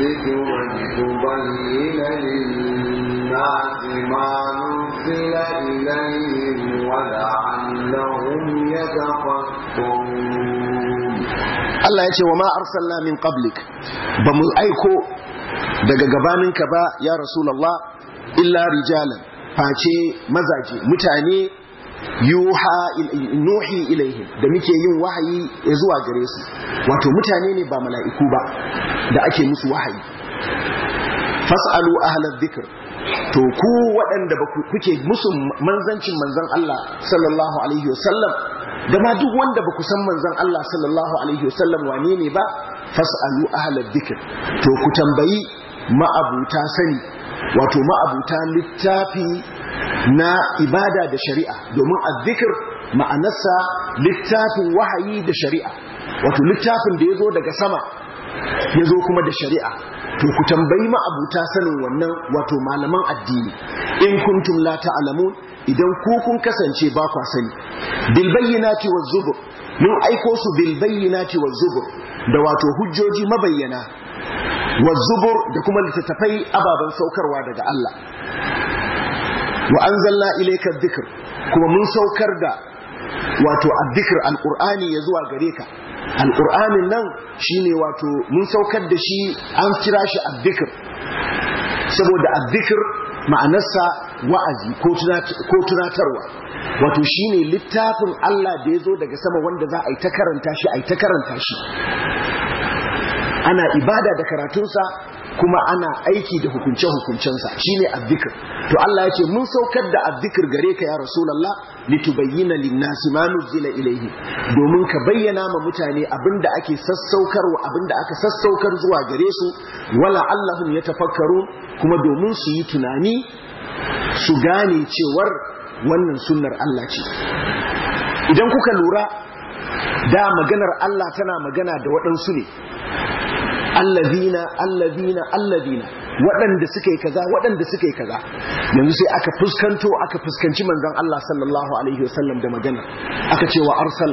الذكر ya للناس ما ma إليهم ولعلهم يتفكرون الله يقول وما أرسلنا من قبلك daga gabaninka ba ya rasulallah illa rijalan face mazaje mutane yuha nuhi ilaihim da muke yin wahayi ya zuwa gare su wato mutane ne ba mala'iku ba da ake musu wahayi fas'alu ahlal dhikr to ku waɗanda ba kuke musu manzancin manzon Allah sallallahu alaihi wasallam da ma duk wanda ba ku san manzon Allah sallallahu alaihi wasallam wane ne ba fas'alu ahlal dhikr to ku tambayi ma'abuta sani wato ma'abuta littafi na ibada da shari'a domin azzikir ma'anarsa littafin wahayi da shari'a wato littafin da ya zo daga sama ya zo kuma da shari'a to ku tambayi ma'abuta sanin wannan wato malaman addini in kuntum la ta'lamun idan ku kun kasance ba ku sani bil bayyinati waz zubur mun aiko su bil bayyinati waz zubur da wato hujjoji mabayyana waz zubur da kuma littattafai ababen saukarwa daga Allah wa anzalna ilayka dhikr kuma mun saukar da wato addikr alqur'ani ya zuwa gare ka alqur'anin nan shine wato mun saukar da shi an kira shi addikr saboda addikr ma'anarsa wa'azi ko tunatarwa wato shine littafin Allah da ya zo daga sama wanda za a yi ta karanta shi a yi ta karanta shi ana ibada da karatunsa kuma ana aiki da hukunce-hukuncensa shine azzikir to Allah ya ce mun saukar da azzikir gare ka ya rasulullah litubayyana lin-nasi ma nuzila ilaihi domin ka bayyana ma mutane abinda ake sassaukar abin abinda aka sassaukar zuwa gare su wala allahum yatafakkaru kuma domin su yi tunani su gane cewar wannan sunnar Allah ce idan kuka lura da maganar Allah tana magana da waɗansu ne allazina allazina allazina waɗanda suka kaza waɗanda suka kaza yanzu sai aka fuskanto aka fuskanci manzon Allah sallallahu alaihi wasallam da magana aka ce wa arsal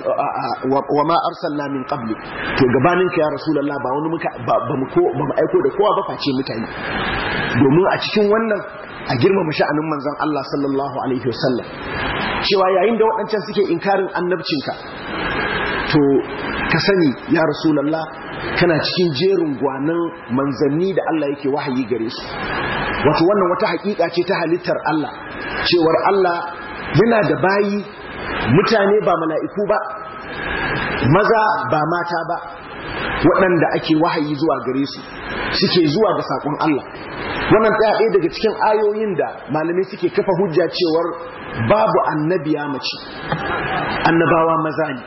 wa ma arsalna min qabli to gabanin ka ya rasulullah ba wani muka ba mu ko ba mu aiko da kowa ba face mutane domin a cikin wannan a girmama sha'anin manzon Allah sallallahu alaihi wasallam cewa yayin da waɗancan suke inkarin annabcinka to ka sani ya rasulallah kana cikin jerin gwanan manzanni da Allah yake wahayi gare su wato wannan wata hakika ce ta halittar Allah cewar Allah yana da bayi mutane ba mala'iku ba maza ba mata ba waɗanda ake wahayi zuwa gare su suke zuwa ga saƙon Allah wannan ta ɗaya daga cikin ayoyin da malamai suke kafa hujja cewar babu annabiya mace annabawa maza ne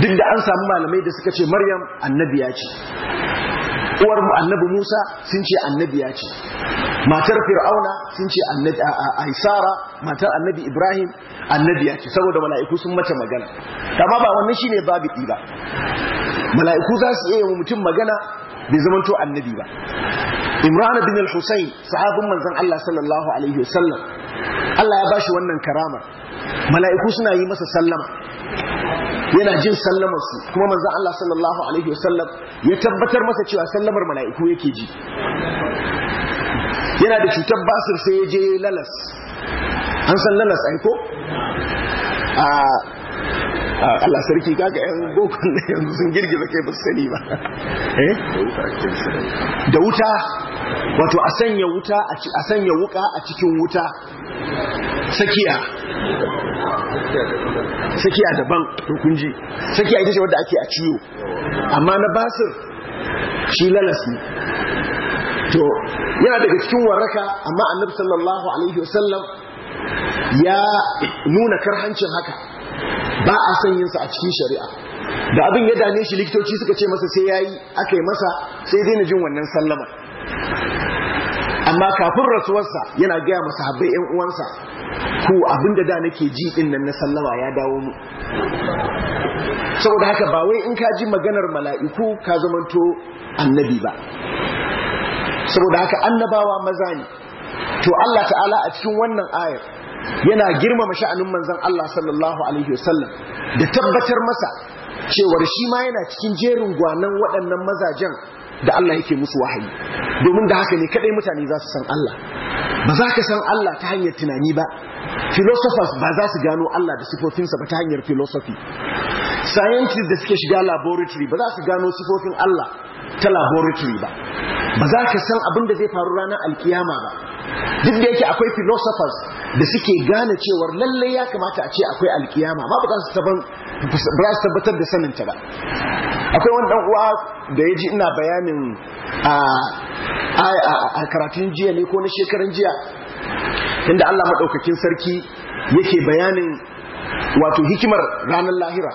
duk da an samu malamai da suka ce maryam annabiya ce uwar annabi Musa sun ce annabi ya ce matar Fir'auna sun ce annabi Aisara matar annabi Ibrahim annabi ya ce saboda mala'iku sun mace magana amma ba wannan shine babu ba mala'iku za su iya mutum magana bai zamanto annabi ba Imran bin al-Husayn sahabin manzon Allah sallallahu alaihi wasallam Allah ya bashi wannan karama mala'iku suna yi masa sallama yana jin sallamar su kuma manzon Allah sallallahu alaihi wasallam ya tabbatar masa cewa sallamar mala'iku yake ji yana da cutar basir sai ya je lalas an san lalas aiko a Allah sarki kaga yan bokon da yanzu sun girgiza kai ba su sani ba eh? da wuta wato a sanya wuta a sanya wuka a cikin wuta sakiya sakiya daban kunji sakiya ita ce wadda ake a ciwo amma na basir shi lalas to yana daga cikin waraka amma annabi sallallahu alaihi wasallam ya nuna karhancin haka ba a son yinsa a cikin shari'a da abin ya dame shi likitoci suka ce masa sai yayi aka yi masa sai na jin wannan sallama amma kafin rasuwarsa yana gaya masa habbai yan uwansa ko abinda da nake ji din nan na sallama ya dawo mu saboda haka ba wai in ka ji maganar mala'iku ka zamanto annabi ba saboda haka annabawa maza ne to Allah ta'ala a cikin wannan ayar yana girmama sha'anin manzon Allah sallallahu alaihi wasallam da tabbatar masa cewar shi ma yana cikin jerin gwanan waɗannan mazajen da Allah yake musu wahayi domin da haka ne kadai mutane za su san Allah ba za ka san Allah ta hanyar tunani ba philosophers ba za su gano Allah da sifofinsa ba ta hanyar philosophy scientists da suke shiga laboratory ba za su gano sifofin Allah ta laboratory ba ba za ka san abin da zai faru ranar alkiyama ba duk da yake akwai philosophers da suke gane cewar lallai ya kamata a ce akwai alkiyama ma ba su tabbatar da sanin ta ba akwai wani dan uwa da ya ji ina bayanin a karatun jiya ne ko na shekaran jiya inda Allah maɗaukakin sarki yake bayanin wato hikimar ranar lahira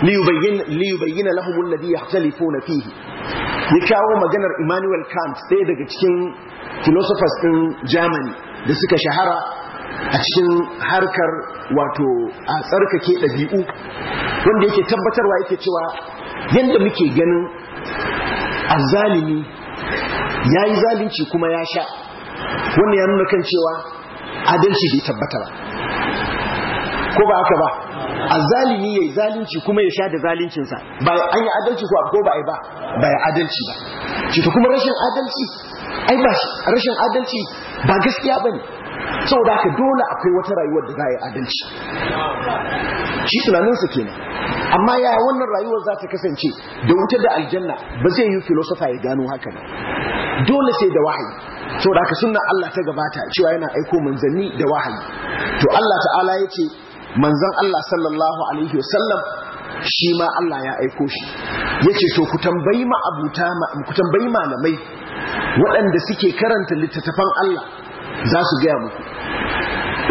liyubayyana lahum alladhi yahtalifuna fihi ya kawo maganar Immanuel Kant ɗaya daga cikin philosophers ɗin germany da suka shahara a cikin harkar wato a tsarkake ɗabi'u wanda yake tabbatarwa yake cewa yadda muke ganin azzalimi ya yi zalunci kuma ya sha wanda ya nuna kan cewa adalci bai tabbata ba ko ba aka ba azalimi yayi zalunci kuma ya sha da zaluncin sa ba an yi adalci ko ko ba ai ba ba ya adalci ba shi to kuma rashin adalci ai ba rashin adalci ba gaskiya bane saboda ka dole akwai wata rayuwar da za a yi adalci shi tunaninsa kenan amma ya wannan rayuwar za ta kasance da wuta da aljanna ba zai yi filosofa ya gano haka ba dole sai da wahayi saboda ka sunna Allah ta gabata cewa yana aiko manzanni da wahayi to Allah ta'ala ya ce manzon Allah sallallahu alaihi wasallam shi ma Allah ya aiko shi yace to ku tambayi ku tambayi malamai waɗanda suke karanta littattafan Allah za su gaya muku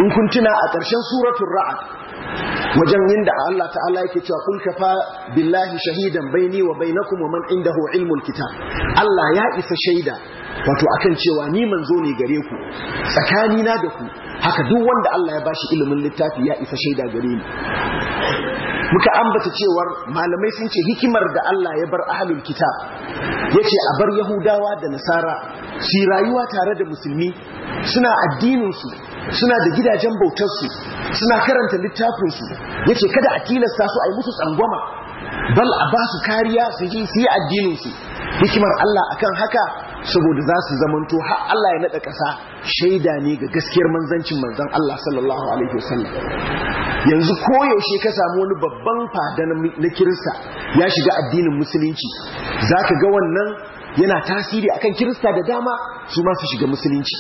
in kun tuna a ƙarshen suratul ra'd wajen inda Allah ta'ala yake cewa kul kafa billahi shahidan baini wa bainakum wa man indahu ilmul kitab Allah ya isa shaida wato akan cewa ni manzo ne gare ku tsakani na da ku haka duk wanda Allah ya bashi ilimin littafi ya isa shaida gare ni muka ambata cewar malamai sun ce hikimar da Allah ya bar ahlul kitab yace a bar yahudawa da nasara su rayuwa tare da musulmi suna addinin su suna da gidajen bautarsu suna karanta littafinsu ya ce kada a tilasta su a yi musu tsangwama bal a ba su kariya su ji su yi addininsu hikimar Allah akan haka saboda za su zamanto har Allah ya naɗa ƙasa shaida ne ga gaskiyar manzancin manzan Allah sallallahu alaihi wasallam yanzu koyaushe ka samu wani babban fada na kirista ya shiga addinin musulunci za ka ga wannan yana tasiri akan kirista da dama su ma su shiga musulunci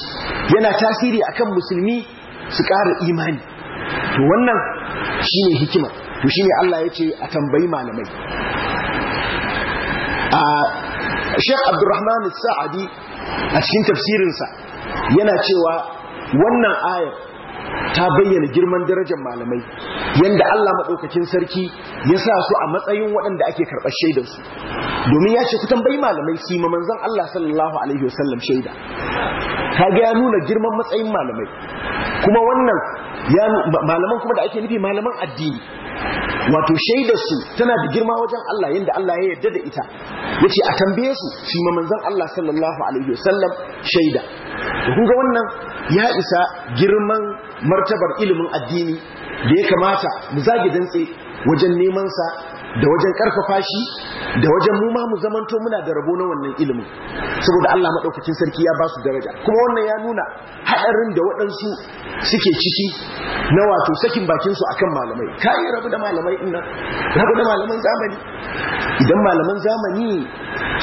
yana tasiri akan musulmi su ƙara imani to wannan shine hikima to shine Allah ya ce a tambayi malamai a Sheikh Abdulrahman Sa'adi a cikin tafsirinsa yana cewa wannan ayar ta bayyana girman darajar malamai Yadda Allah maɗaukakin sarki ya sa su a matsayin waɗanda ake karɓar shaidarsu. domin ya ce ku tambayi malamai su ma manzon Allah sallallahu alaihi wasallam shaida Ta ya nuna girman matsayin malamai kuma wannan ya malaman kuma da ake nufi malaman addini wato shaidarsu tana da girma wajen Allah yadda Allah ya yarda da ita ya ce a tambaye su shi ma Allah sallallahu alaihi wasallam shaida da kun ga wannan ya isa girman martabar ilimin addini da ya kamata mu zage dantse wajen neman sa da wajen karfafa shi da wajen mu ma mu zamanto muna da rabo na wannan ilimin saboda Allah madaukakin sarki ya ba su daraja kuma wannan ya nuna haɗarin da waɗansu suke ciki na wato sakin bakin su akan malamai kai rabu da malamai din nan rabu da malaman zamani idan malaman zamani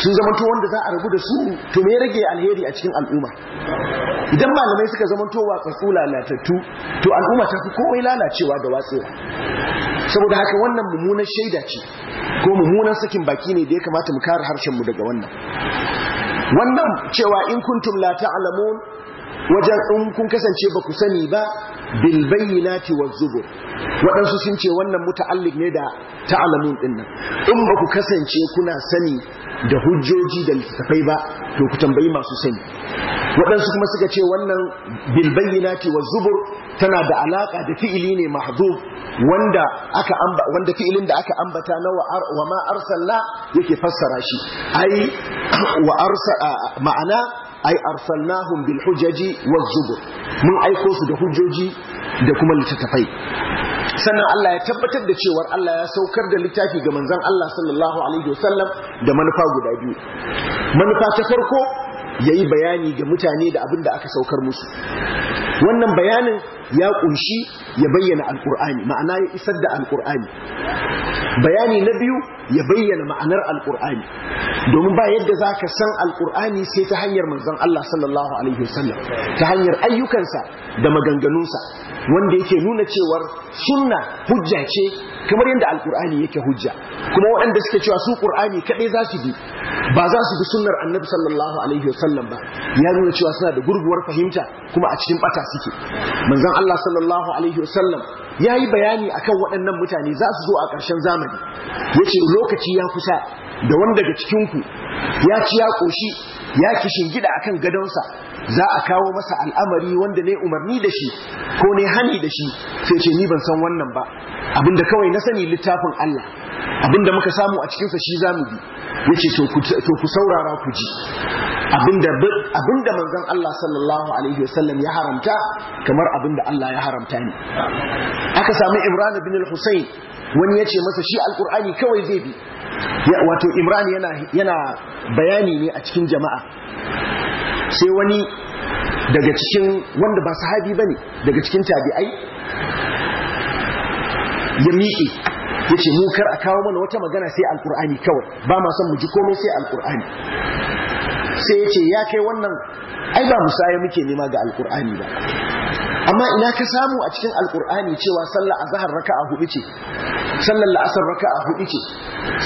sun zamanto wanda za a rabu da su to me rage alheri a cikin al'umma idan malamai suka zamanto watsatsu lalatattu to al'umma ta fi komai lalacewa da watsewa saboda haka wannan mummunan shaida ce ko mummunan sakin baki ne da ya kamata mu kare harshen mu daga wannan wannan cewa in kuntum la ta'lamun wajen in kun kasance ba ku sani ba bil wa zubur waɗansu sun ce wannan muta'alliq ne da ta'alamun din nan in ba ku kasance kuna sani da hujjoji da littattafai ba to ku tambayi masu sani waɗansu kuma suka ce wannan bil wa zubur tana da alaka da fi'ili ne mahdu. wanda aka amba wanda fi'ilin da aka ambata na wa ma arsalna yake fassara shi ai wa arsa ma'ana ai arsalnahum bil hujaji waz zubur mun aiko su da hujjoji da kuma littattafai sannan Allah ya tabbatar da cewa Allah ya saukar da littafi ga manzon Allah sallallahu alaihi wasallam da manufa guda biyu manufa ta farko yayi bayani ga mutane da abin da aka saukar musu wannan bayanin ya kunshi ya bayyana alqur'ani ma'ana ya isar da alkur'ani bayani na biyu ya bayyana ma'anar alkur'ani domin ba yadda za ka san alkur'ani sai ta hanyar manzon Allah sallallahu alaihi wasallam ta hanyar ayyukansa da maganganunsa wanda yake nuna cewar sunna hujja ce kamar yadda alkur'ani yake hujja kuma waɗanda suke cewa su Ƙur'ani kaɗai za su bi ba za su bi sunnar annabi sallallahu alaihi wasallam ba ya nuna cewa suna da gurguwar fahimta kuma a cikin bata suke manzon Allah sallallahu alaihi wasallam ya yi bayani akan waɗannan mutane za su zo a ƙarshen zamani yace lokaci ya kusa da wani daga cikinku ya ci ya ƙoshi ya kishin gida akan gadonsa za a kawo masa al'amari wanda ne umarni da shi ko ne hani da shi sai ce ni ban san wannan ba abinda kawai na sani littafin Allah abinda muka samu a cikinsa shi za mu bi yace ce to ku saurara ku ji abinda abinda manzon Allah sallallahu alaihi wasallam ya haramta kamar abinda Allah ya haramta ne aka samu Imran bin al-Husayn wani ya masa shi alkur'ani kawai zai bi wato Imran yana yana bayani ne a cikin jama'a sai wani daga cikin wanda ba sahabi bane daga cikin tabi'ai ya miƙe ya ce mu kar a kawo mana wata magana sai alkur'ani kawai ba ma son mu ji komai sai alkur'ani sai ya ce ya kai wannan ai ba musaya muke nema ga alkur'ani ba amma ina ka samu a cikin alkur'ani cewa sallar azhar raka'a hudu ce sallar la'asar raka'a hudu ce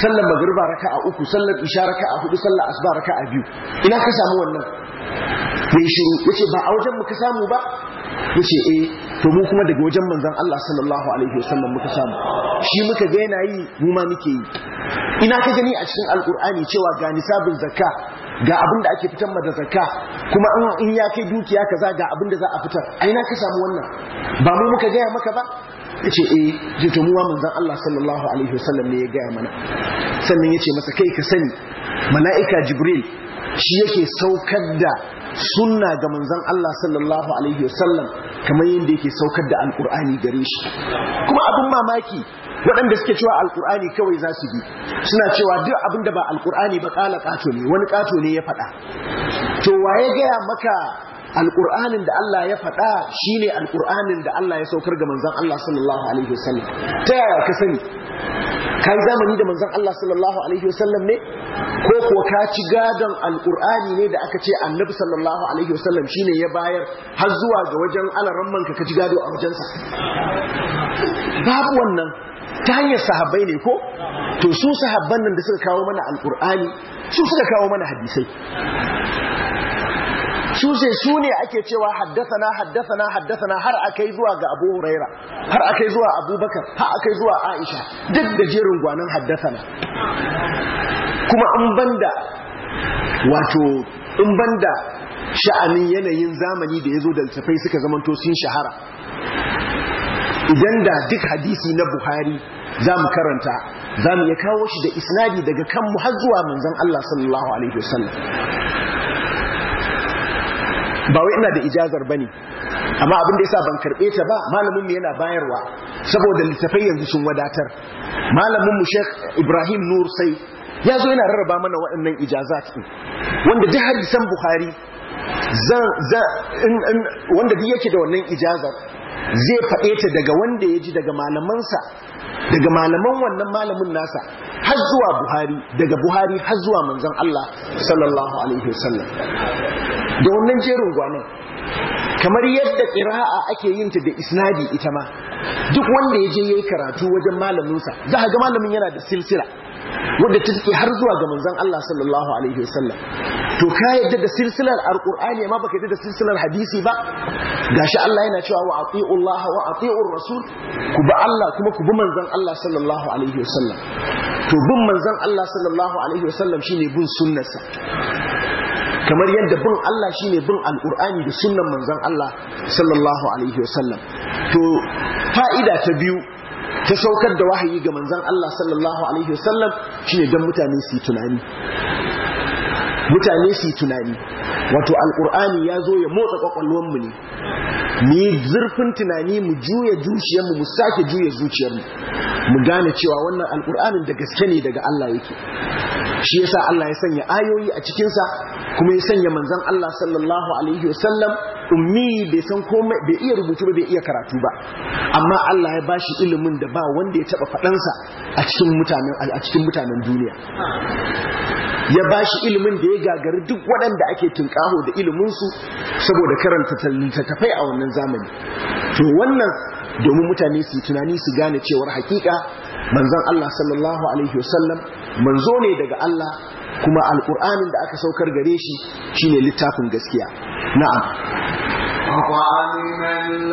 sallar magriba raka'a uku sallar isha raka'a hudu sallar asuba raka'a biyu ina ka samu wannan yayi shiru Ya ce ba a wajen muka samu ba Ya ce eh to mu kuma daga wajen manzon Allah sallallahu alaihi wasallam muka samu shi muka ga yana yi mu ma muke yi ina ka gani a cikin alkur'ani cewa ga nisabin zakka ga abin da ake fitar ma da zakka kuma in ya kai dukiya kaza ga abin da za a fitar a ina ka samu wannan ba mu muka gaya maka ba Ya ce eh zai to mu ma Allah sallallahu alaihi wasallam ne ya gaya mana sannan ya ce masa kai ka sani mala'ika jibril shi yake saukar da sunna ga manzon Allah sallallahu alaihi wasallam kamar yadda yake saukar da alkur'ani gare shi kuma abin mamaki waɗanda suke cewa alkur'ani kawai za su bi suna cewa duk abin da ba alkur'ani ba ƙala ƙato ne wani ƙato ne ya faɗa to waye gaya maka alƙur'anin da Allah ya faɗa shi ne alƙur'anin da Allah ya saukar ga manzon Allah sallallahu alaihi wasallam ta yaya ka sani ka yi zamani da manzon Allah sallallahu alaihi wasallam ne ko kuwa ka ci gadon alƙur'ani ne da aka ce annabi sallallahu alaihi wasallam shine ya bayar har zuwa ga wajen alaran manka ka ci gado a wajensa babu wannan ta hanyar sahabbai ne ko to su sahabban nan da suka kawo mana alƙur'ani su suka kawo mana hadisai shuse su ne ake cewa haddasana haddasana haddasana har akai zuwa ga Abu Huraira har akai zuwa Abubakar har akai zuwa Aisha duk da jerin gwanin haddasana kuma in banda wato in banda sha'anin yanayin zamani da ya zo da littafai suka zamanto sun shahara idan da duk hadisi na Buhari za mu karanta za mu iya kawo shi da isnadi daga kanmu har zuwa manzon Allah sallallahu alaihi wasallam ba wai ina da ijazar bane amma abin da ya sa ban karbe ta ba malamin mu yana bayarwa saboda littafai yanzu sun wadatar malamin mu Sheikh Ibrahim Nur Sai ya zo yana rarraba mana waɗannan ijazat wanda duk hadisan Bukhari zan wanda duk yake da wannan ijazar zai faɗe ta daga wanda ya ji daga malamansa daga malaman wannan malamin nasa har zuwa buhari daga buhari har zuwa manzan Allah sallallahu alaihi wasallam da wannan jerin gwano, kamar yadda ƙira'a ake yin ta da isnadi ita ma duk wanda ya je yi karatu wajen malaminsa za a ga malamin yana da silsila wadda ta take har zuwa ga manzon Allah sallallahu alaihi wasallam to ka yadda da silsilar alqur'ani amma baka yadda da silsilar hadisi ba gashi Allah yana cewa wa ati'u Allah wa ati'ur rasul ku bi Allah kuma ku bi manzon Allah sallallahu alaihi wasallam to bin manzon Allah sallallahu alaihi wasallam shine bin sunnarsa kamar yadda bin Allah shine bin alqur'ani da sunnan manzon Allah sallallahu alaihi wasallam to fa'ida ta biyu ta saukar da wahayi ga manzan Allah sallallahu alaihi wasallam shine don mutane su tunani mutane su tunani wato alkur'ani ya zo ya motsa mu ne mu yi zurfin tunani mu juya zuciyarmu mu sake juya zuciyarmu mu gane cewa wannan alkur'anin da gaske ne daga Allah yake shi yasa Allah ya sanya ayoyi a cikinsa kuma ya sanya manzon Allah sallallahu alaihi wasallam ummi bai san komai bai iya rubutu ba bai iya karatu ba amma Allah ya bashi ilimin da ba wanda ya taba sa a cikin mutanen a cikin mutanen duniya ya bashi ilimin da ya gagari duk waɗanda ake tunka tinkaho da iliminsu saboda karanta littattafai a wannan zamani to wannan domin mutane su tunani su gane cewar hakika manzon Allah sallallahu alaihi wasallam manzo ne daga Allah kuma alkur'anin da aka saukar gare shi shine littafin gaskiya na'am وعلم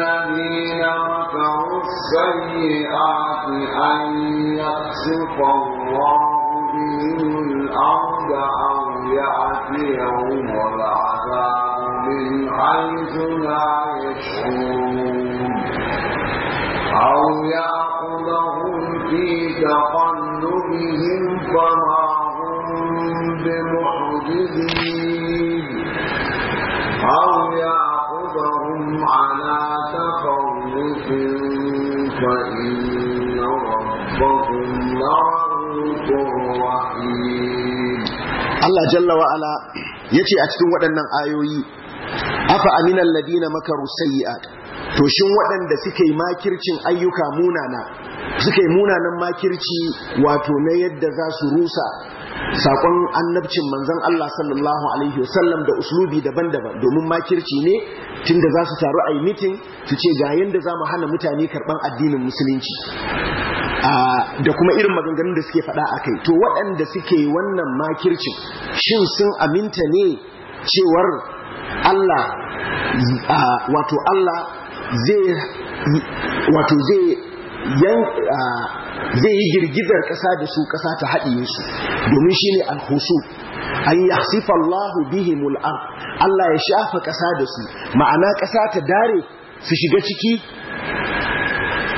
الأرض أو يأتيهم العذاب من حيث لا يشعرون أو يأخذهم في تقلبهم فما هم بمعجزين أو Allah jalla wa'ala ya ce a cikin waɗannan ayoyi afa Amina ladina makaru sayi'at to shin waɗanda suka yi makircin ayyuka munana suka yi munanan makirci wato na yadda za su rusa sakon annabcin manzon Allah sallallahu alaihi wasallam da uslubi daban-daban domin makirci ne tunda za su taru a yi mitin su ce ga yadda za mu hana mutane karɓan addinin musulunci da kuma irin maganganun da suke faɗa a kai to waɗanda suke wannan makircin shin sun aminta ne cewar Allah wato Allah zai yi girgizar ƙasa da su ƙasa ta haɗiye su domin shi ne alhusu an yi Allahu bihi mul'ar Allah ya shafa ƙasa da su ma'ana ƙasa ta dare su shiga ciki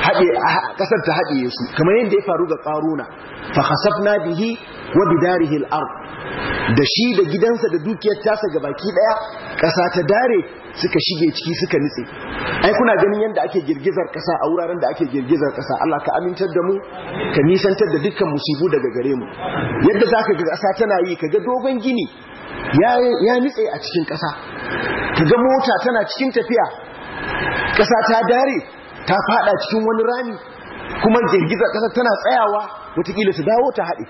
ƙasar ta haɗe su kamar yadda ya faru ga ƙaruna fa khasafna bihi wa bidarihi al-ard da shi da gidansa da dukiyar tasa ga baki daya ƙasa ta dare suka shige ciki suka nitse ai kuna ganin yadda ake girgizar ƙasa a wuraren da ake girgizar kasa Allah ka amintar da mu ka nisantar da dukkan musibu daga gare mu yadda zaka ga kasa tana yi kaga dogon gini ya nitse a cikin ƙasa kaga mota tana cikin tafiya ƙasa ta dare ta fada cikin wani rami kuma girgizar kasa tana tsayawa watakila su dawo ta haɗe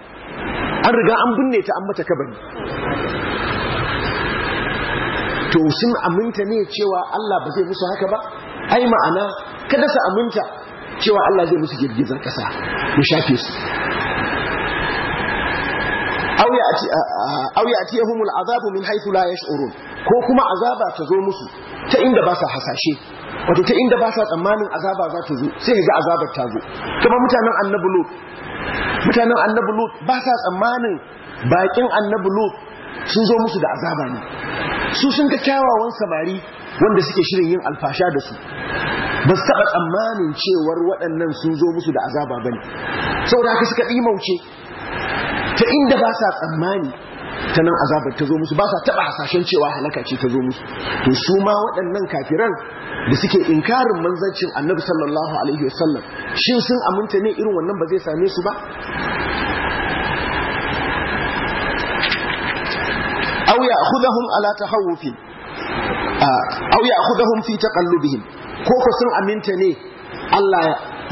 an riga an binne ta an mata kabari to sun aminta ne cewa Allah ba zai musu haka ba ai ma'ana kada su aminta cewa Allah zai musu girgizar kasa ya shafe su auya a tiyahumul azabu min haithu la yash'urun ko kuma azaba ta zo musu ta inda ba sa hasashe wato ta inda ba sa tsammanin azaba za ta zo sai ga azabar ta zo kuma mutanen annabi lut mutanen annabi lut ba sa tsammanin bakin annabi lut sun zo musu da azaba ne su sun ga kyawawan samari wanda suke shirin yin alfasha da su ba su taɓa tsammanin cewar waɗannan sun zo musu da azaba ba ne saboda haka suka ɗimauce ta inda ba sa tsammani ta nan azabar ta zo musu ba sa taba hasashen cewa halaka ce ta zo musu to su ma waɗannan kafiran da suke inkarin manzancin annabi sallallahu alaihi wasallam shin sun aminta ne irin wannan ba zai same su ba aw ya'khudhahum ala tahawufin aw ya'khudhahum fi taqallubihim ko ko sun aminta ne Allah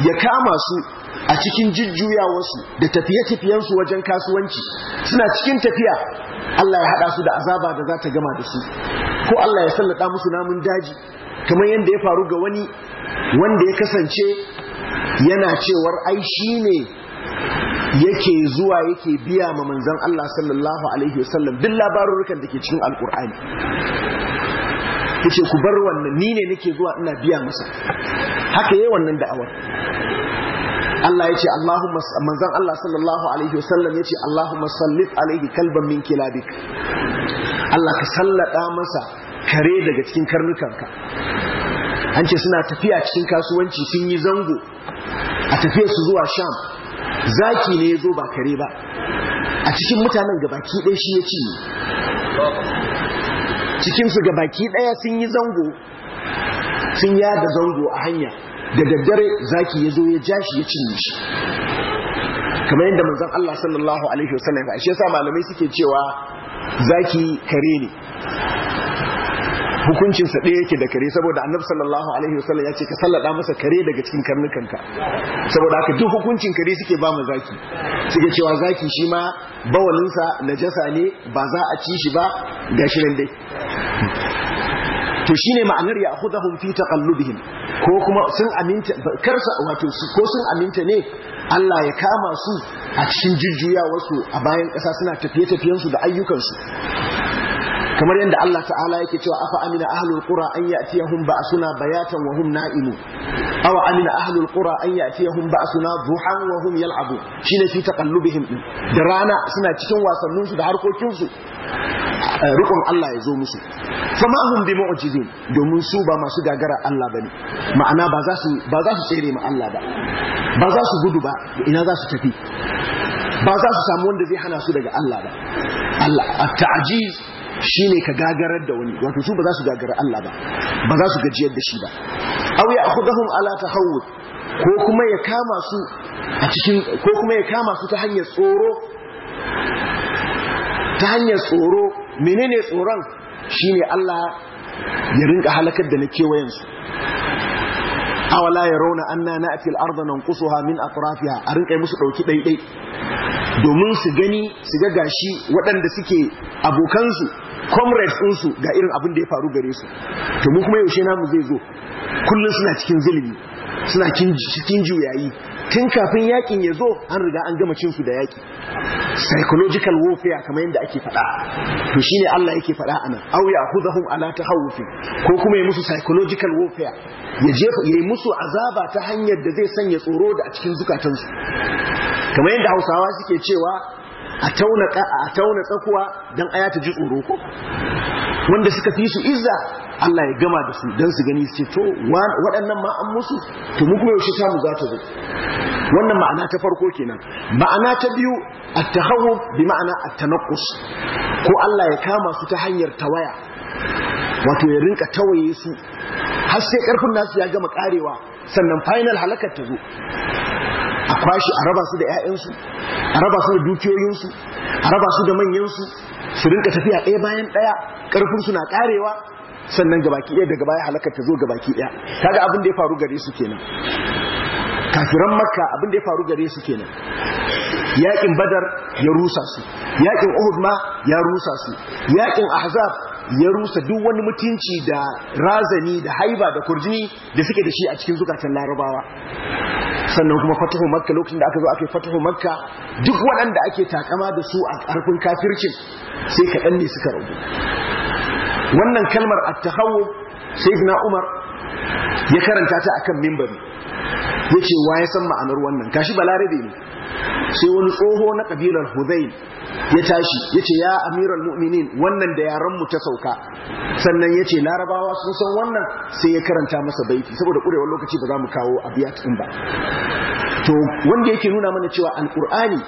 ya kama su a cikin jujjuyawarsu da tafiye-tafiyensu wajen kasuwanci suna cikin tafiya Allah ya haɗa su da azaba da za ta gama da su ko Allah ya sallata musu namun daji kamar yadda ya faru ga wani wanda ya kasance yana cewar ai shi ne yake zuwa yake biya ma manzan. Allah sallallahu alaihi wasallam duk labarurukan da ke cikin alkur'ani yace ku bar wannan ni ne nake zuwa ina biya masa haka yayi wannan da'awar Allah ya ce Allahumma manzon Allah sallallahu alaihi wasallam ya ce Allahumma sallit alaihi kalban min kilabik Allah ka sallada masa kare daga cikin karnukanka an ce suna tafiya cikin kasuwanci sun yi zango a tafiyar su zuwa sham zaki ne ya zo ba kare ba a cikin mutanen gabaki ɗaya shi ya ci cikinsu gabaki ɗaya sun yi zango sun yada zango a hanya da daddare zaki ya zo ya ja shi ya cinye shi kamar yadda manzon Allah sallallahu alaihi wasallam ya shi yasa malamai suke cewa zaki kare ne hukuncinsa ɗaya yake da kare saboda annabi sallallahu alaihi wasallam ya ce ka sallada masa kare daga cikin karnukanka saboda haka duk hukuncin kare suke ba mu zaki suke cewa zaki shi ma bawalinsa najasa ne ba za a ci shi ba gashi nan dai to shi ne ma'anar ya akhudahum fi taqallubihim ko kuma sun aminta karsa wato su ko sun aminta ne Allah ya kama su a cikin jujjuyawar wasu a bayan ƙasa suna tafiye tafiyen da ayyukan su kamar yadda Allah ta'ala yake cewa afa amina ahlul qura an ya'tiyahum ba'suna bayatan wa hum na'imun aw amina ahlul qura an ya'tiyahum ba'suna duhan wa hum yal'abun shine fi taqallubihim da rana suna cikin wasannin su da harkokin su eh, rukun Allah ya zo musu fama hum bi mu'jizin domin su ba masu gagara Allah bane ma'ana ba za su ba za su tsere ma Allah ba ba za su gudu ba ina za su tafi ba za su samu wanda zai hana su daga Allah ba Allah at-ta'jiz Shi ne ka gagarar da wani wato su ba za su gagara Allah ba ba za su gajiyar da shi ba au ya akhudahum ala ko kuma ya kama su a cikin ko kuma ya kama su ta hanyar tsoro ta hanyar tsoro menene tsoron shine Allah ya rinka halakar da na kewayen su awala yarawna anna na'til arda nanqusuha min atrafiha a rinka musu dauki daidai domin su gani su ga gashi waɗanda suke abokansu comrades ɗinsu ga irin abin da ya faru gare su to mu kuma yaushe namu zai zo kullum suna cikin zilimi suna cikin juyayi tun kafin yakin ya zo an riga an gama cinsu da yaki psychological warfare kamar yadda ake faɗa to shine Allah yake faɗa anan aw ya khudhum ala tahawufi ko kuma ya musu psychological warfare ya jefa ya musu azaba ta hanyar da zai sanya tsoro da a cikin zukatansu kamar yadda Hausawa suke cewa a tauna tsakuwa dan aya ta ji tsoro ko wanda suka fi su izza Allah ya gama da su dan su gani su to waɗannan ma an musu to mu kuma ta mu za ta zo wannan ma'ana ta farko kenan ma'ana ta biyu at-tahawuf bi ma'ana at-tanaqqus ko Allah ya kama su ta hanyar tawaya wato ya rinka tawaye su har sai karfin nasu ya gama karewa sannan final halakar ta zo kwashi a raba su da 'ya'yansu a raba su da dukiyoyinsu a raba su da manyansu su rinka tafiya ɗaya bayan ɗaya ƙarfinsu na ƙarewa sannan gabaki ɗaya daga baya halakar ta zo gabaki ɗaya kaga abin da ya faru gare su kenan kafiran makka abin da ya faru gare su kenan yaƙin badar ya rusa su yaƙin uhud ma ya rusa su yaƙin ahzab ya rusa duk wani mutunci da razani da haiba da kurjini da suke da shi a cikin zukatan larabawa sannan kuma fatahu makka lokacin da aka zo aka yi fatahu makka duk waɗanda ake takama da su a ƙarfin kafircin sai kaɗan ne suka rabu wannan kalmar attahawo sai zina umar ya karanta ta akan mimbari ya ce wa ya san ma'anar wannan kashi balarabe ne sai wani tsoho na kabilar Hudayl ya tashi yace ya amiral mu'minin wannan da yaran mu ta sauka sannan yace larabawa sun san wannan sai ya karanta masa baiti saboda kurewar lokaci ba za mu kawo abiyat ɗin ba to wanda yake nuna mana cewa alkur'ani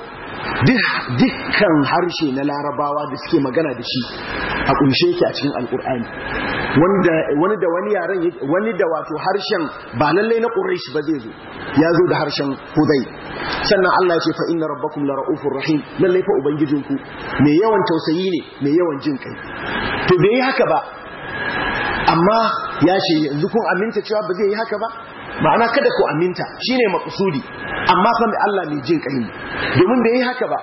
dukkan harshe na larabawa da suke magana da shi a kunshe yake a cikin alkur'ani wani da wani yaren wani da wato harshen ba lallai na quraish ba zai zo ya zo da harshen hudai sannan Allah ya ce fa inna rabbakum la raufur rahim lallai fa ubangijinku mai yawan tausayi ne mai yawan jin kai to bai yi haka ba amma ya ce yanzu kun aminta cewa ba zai yi haka ba ma'ana kada ku aminta shine makusudi amma fa Allah mai jin kai domin bai yi haka ba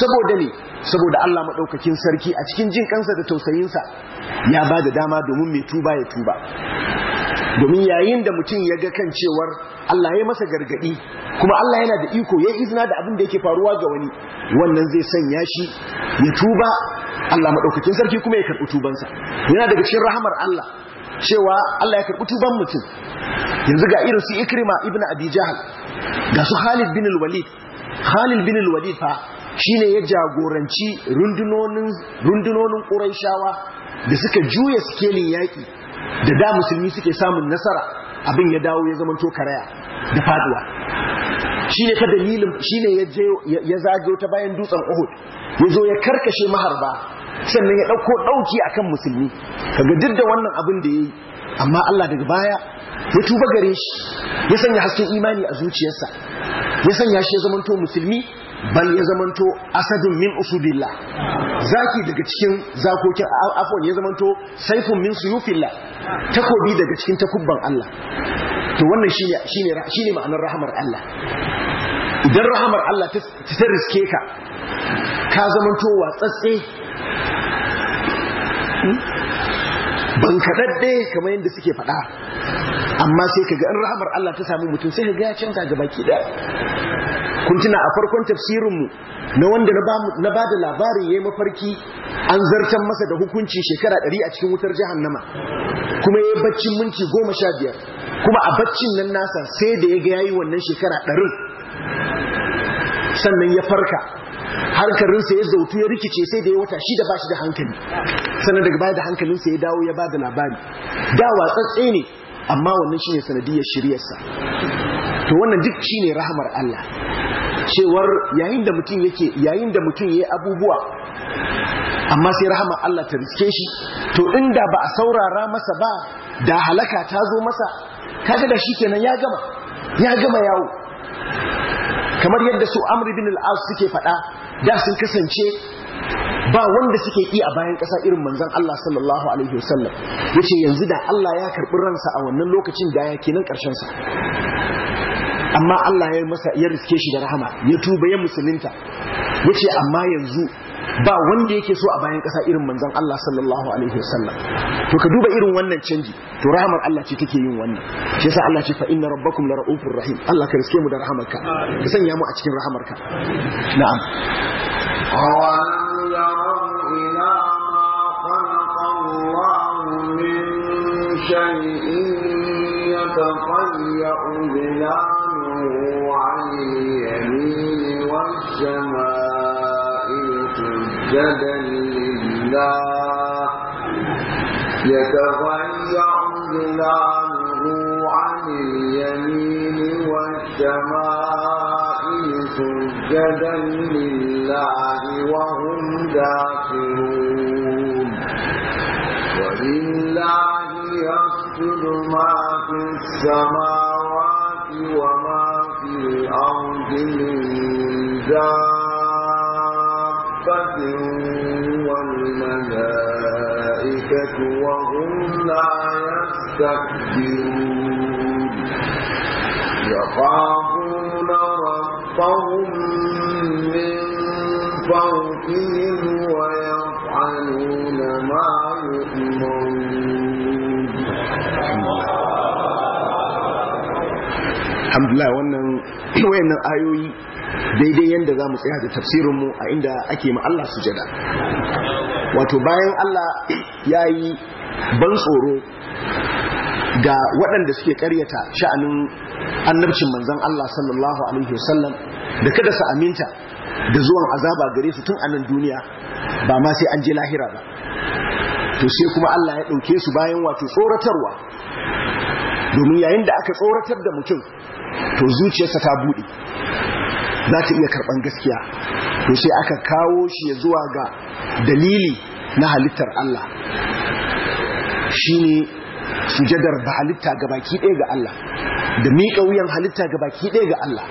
saboda ne saboda Allah madaukakin sarki a cikin jin kansa da tausayin sa ya ba da dama domin mai tuba ya tuba domin yayin da mutum ya ga kan cewar Allah ya masa gargadi kuma Allah yana da iko ya izina da abin da yake faruwa ga wani wannan zai sanya shi ya tuba Allah madaukakin sarki kuma ya karɓi tubansa yana daga cikin rahamar Allah cewa Allah ya karɓi tuban mutum yanzu ga irin su ikrima ibn abi jahal ga su Khalid bin al-Walid Khalid bin al-Walid fa shine ya jagoranci rundunonin rundunonin Qurayshawa da suka juya sikelin yaƙi, da da musulmi suke samun nasara abin ya dawo ya zamanto karaya da faduwa shine ka dalilin shine ya je ya zage ta bayan dutsen Uhud ya zo ya karkashe maharba sannan ya ɗauko ɗauki akan musulmi kaga duk da wannan abin da ya yi amma Allah daga baya ya tuba gare shi ya sanya hasken imani a zuciyarsa ya sanya shi ya zamanto musulmi bal ya zamanto asadun min usudillah zaki daga cikin zakokin afon ya zamanto saifun min suyufillah takobi daga cikin takubban Allah to wannan shine shine ma'anar rahamar Allah idan rahamar Allah ta riske ka ka zamanto Watsatse. Hmm? ban kaɗaɗɗe kamar yadda suke faɗa amma sai kaga in rahamar Allah ta sami mutum sai ga ya canza ga baki da kun tuna a farkon tafsirinmu na wanda na ba da labarin ya yi mafarki an zartan masa da hukunci shekara ɗari a cikin wutar jahannama kuma ya yi baccin minti goma sha biyar kuma a baccin nan nasa sai da ya ga yi wannan shekara ɗarin sannan ya farka harkarinsa ya zautu ya rikice sai da ya wata shi da bashi da hankali sannan daga baya da hankalinsa ya dawo ya ba da labari da watsatse ne amma wannan shine sanadiyar shiryarsa to wannan duk shine rahamar Allah cewar yayin da mutum yake yayin da mutum yi abubuwa amma sai rahamar Allah ta riske shi to inda ba a saurara masa ba da halaka ta zo masa kaga da shikenan ya gama ya gama yawo kamar yadda su Amr ibn al-As suke faɗa da sun kasance ba wanda suke yi a bayan ƙasa irin manzan Allah sallallahu alaihi wasallam yace yanzu da Allah ya karɓi ransa a wannan lokacin da ya kenan karshen sa amma Allah ya masa ya riske shi da rahama ya tuba ya musulunta yace amma yanzu ba wanda yake so a bayan ƙasa irin manzan Allah sallallahu alaihi wasallam to ka duba irin wannan canji to rahamar Allah ce take yin wannan shi yasa Allah ce fa inna rabbakum la raufur rahim Allah ka riske mu da rahamarka ka sanya mu a cikin rahamarka na'am شيء سجدا لله يتغير ظلاله عن اليمين والشمائل سجدا لله وهم داخلون ولله يسجد ما في السماوات وما في الأرض من دار الآية وهم لا يستكبرون يخافون ربهم ayoyi daidai yanda za mu tsaya da tafsirinmu a inda ake ma Allah sujada wato bayan Allah ya yi ban tsoro ga waɗanda suke karyata sha'anin annabcin manzan Allah sallallahu alaihi wasallam da kada su aminta da zuwan azaba gare su tun a nan duniya ba ma sai an je lahira ba to sai kuma Allah ya ɗauke su bayan wato tsoratarwa domin yayin da aka tsoratar da mutum to zuciyarsa ta buɗe za ta iya karɓan gaskiya to sai aka kawo shi ya zuwa ga dalili na halittar Allah shi ne sujadar ba halitta ga baki ɗaya ga Allah da miƙa wuyan halitta ga baki ɗaya ga Allah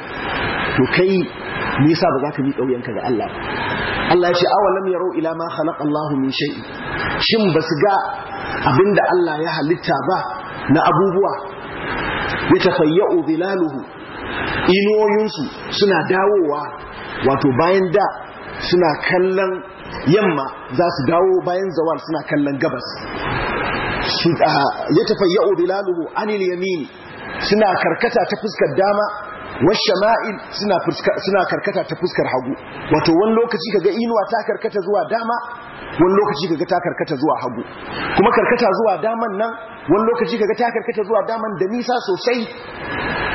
to kai me yasa ba za ka miƙa wuyanka ga Allah Allah ya ce awalam yarau ila ma khalaqa Allah min shay'i shin su ga abinda Allah ya halitta ba na abubuwa yatafayya'u dhilaluhu inuwoyinsu suna dawowa wato bayan da suna kallon yamma za su dawo bayan zawal suna kallon gabas ya tafayya bilaluhu anil yamini suna karkata ta fuskar dama washama'il suna suna karkata ta fuskar hagu wato wani lokaci kaga inuwa ta karkata zuwa dama wani lokaci kaga ta karkata zuwa hagu kuma karkata zuwa daman nan wani lokaci kaga ta karkata zuwa daman da nisa sosai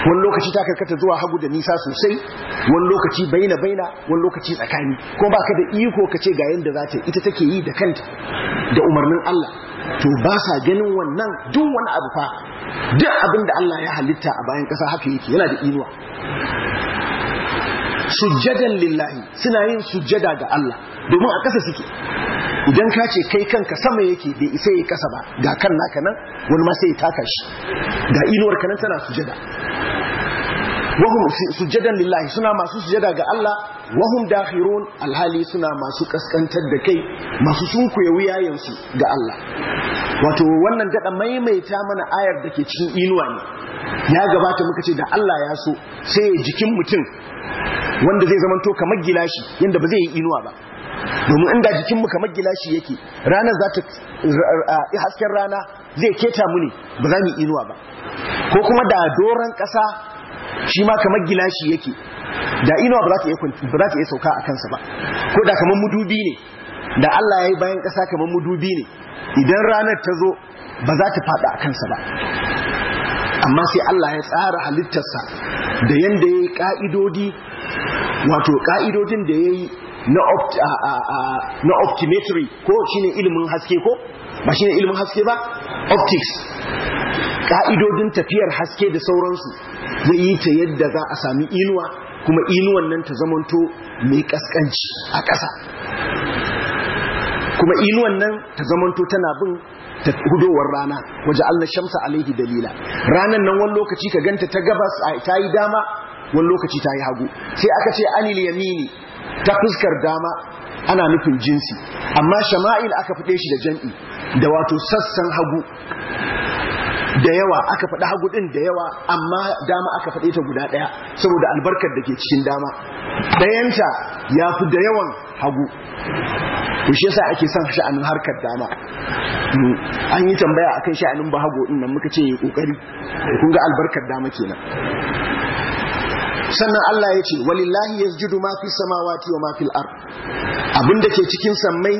wani lokaci ta karkata zuwa hagu da nisa sosai wani lokaci baina baina wani lokaci tsakani kuma baka da iko ka ce ga yanda za ta ita take yi da kanta da umarnin Allah to ba sa ganin wannan duk wani abu fa duk abin da Allah ya halitta a bayan kasa haka yake yana da inuwa sujjadan lillahi suna yin sujjada ga Allah domin a kasa suke idan ka ce kai kanka sama yake bai isa yi kasa ba ga kan naka nan wani ma sai ya taka shi ga inuwar kanan tana sujjada wahum sujadan lillahi suna masu sujada ga Allah wahum dakhirun alhali suna masu kaskantar da kai masu sunkuye wuyayensu ga Allah wato wannan dada maimaita mana ayar da ke cikin inuwa ne ya gabata muka ce da Allah ya so sai jikin mutum wanda zai to kamar gilashi yanda ba zai yi inuwa ba domin inda jikinmu kamar gilashi yake ranar za ta hasken rana zai keta mu ne ba za mu inuwa ba ko kuma da doron ƙasa shi ma kamar gilashi yake da inuwa ba za ta iya sauka a kansa ba ko da kamar mudubi ne da Allah ya yi bayan ƙasa kamar mudubi ne idan ranar ta zo ba za ta faɗa a kansa ba amma sai Allah ya tsara halittarsa da yadda ya yi ƙa'idodi wato ƙa'idodin da ya yi na optimetry ko shine ilimin haske ko ba shi ne ilimin haske ba optics ƙa'idodin tafiyar haske da sauransu zai yi ta yadda za a sami inuwa kuma inuwan nan ta zamanto mai ƙasƙanci a ƙasa kuma inuwan nan ta zamanto tana bin ta hudowar rana waje Allah shamsa alaihi dalila ranan nan wani lokaci ka ganta ta gabas ta yi dama wani lokaci ta yi hagu sai aka ce anil yamini ta fuskar dama ana nufin jinsi amma shama'il aka fide shi da jam'i da wato sassan hagu da yawa aka faɗa hagu ɗin da yawa amma dama aka faɗe ta guda ɗaya saboda albarkar da ke cikin dama ɗayanta ya fi da yawan hagu to shi yasa ake son sha'anin harkar dama an yi tambaya akan sha'anin bahago din nan muka ce yi ƙoƙari kun ga albarkar dama kenan sannan Allah ya ce walillahi yasjudu ma mafi samawati wa mafi al’ar ard abinda ke cikin sammai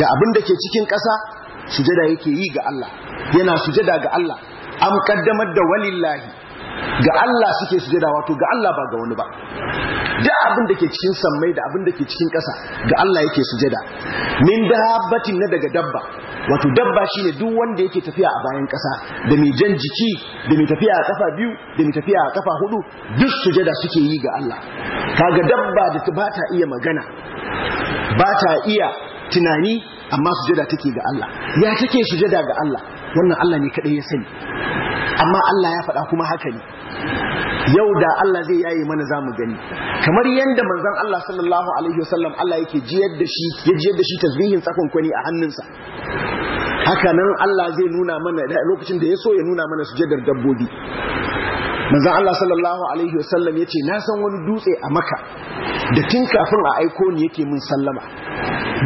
da abinda ke cikin ƙasa sujada yake yi ga Allah yana sujada ga Allah an kaddamar da walillahi ga Allah suke sujada wato ga Allah ba ga wani ba Da abin da ke cikin sammai da abin da ke cikin ƙasa ga Allah yake sujada min dabbatin na daga dabba wato dabba shi ne duk wanda yake tafiya a bayan kasa da mai jan jiki da mai tafiya a ƙafa biyu da mai tafiya a ƙafa hudu duk sujada suke yi ga Allah kaga dabba da ba ta iya magana ba ta iya tunani amma sujada take ga Allah ya take sujada ga Allah wannan Allah ne kadai ya sani amma Allah ya faɗa kuma haka ne yau da Allah zai yaye mana zamu gani kamar yadda manzon Allah sallallahu alaihi wasallam Allah yake jiyar da shi ya jiyar da shi tasbihin tsakon kwani a hannunsa haka nan Allah zai nuna mana lokacin da ya so ya nuna mana sujadar dabbobi manzon Allah sallallahu alaihi wasallam yace na san wani dutse a Makka da tun kafin a aiko ni yake mun sallama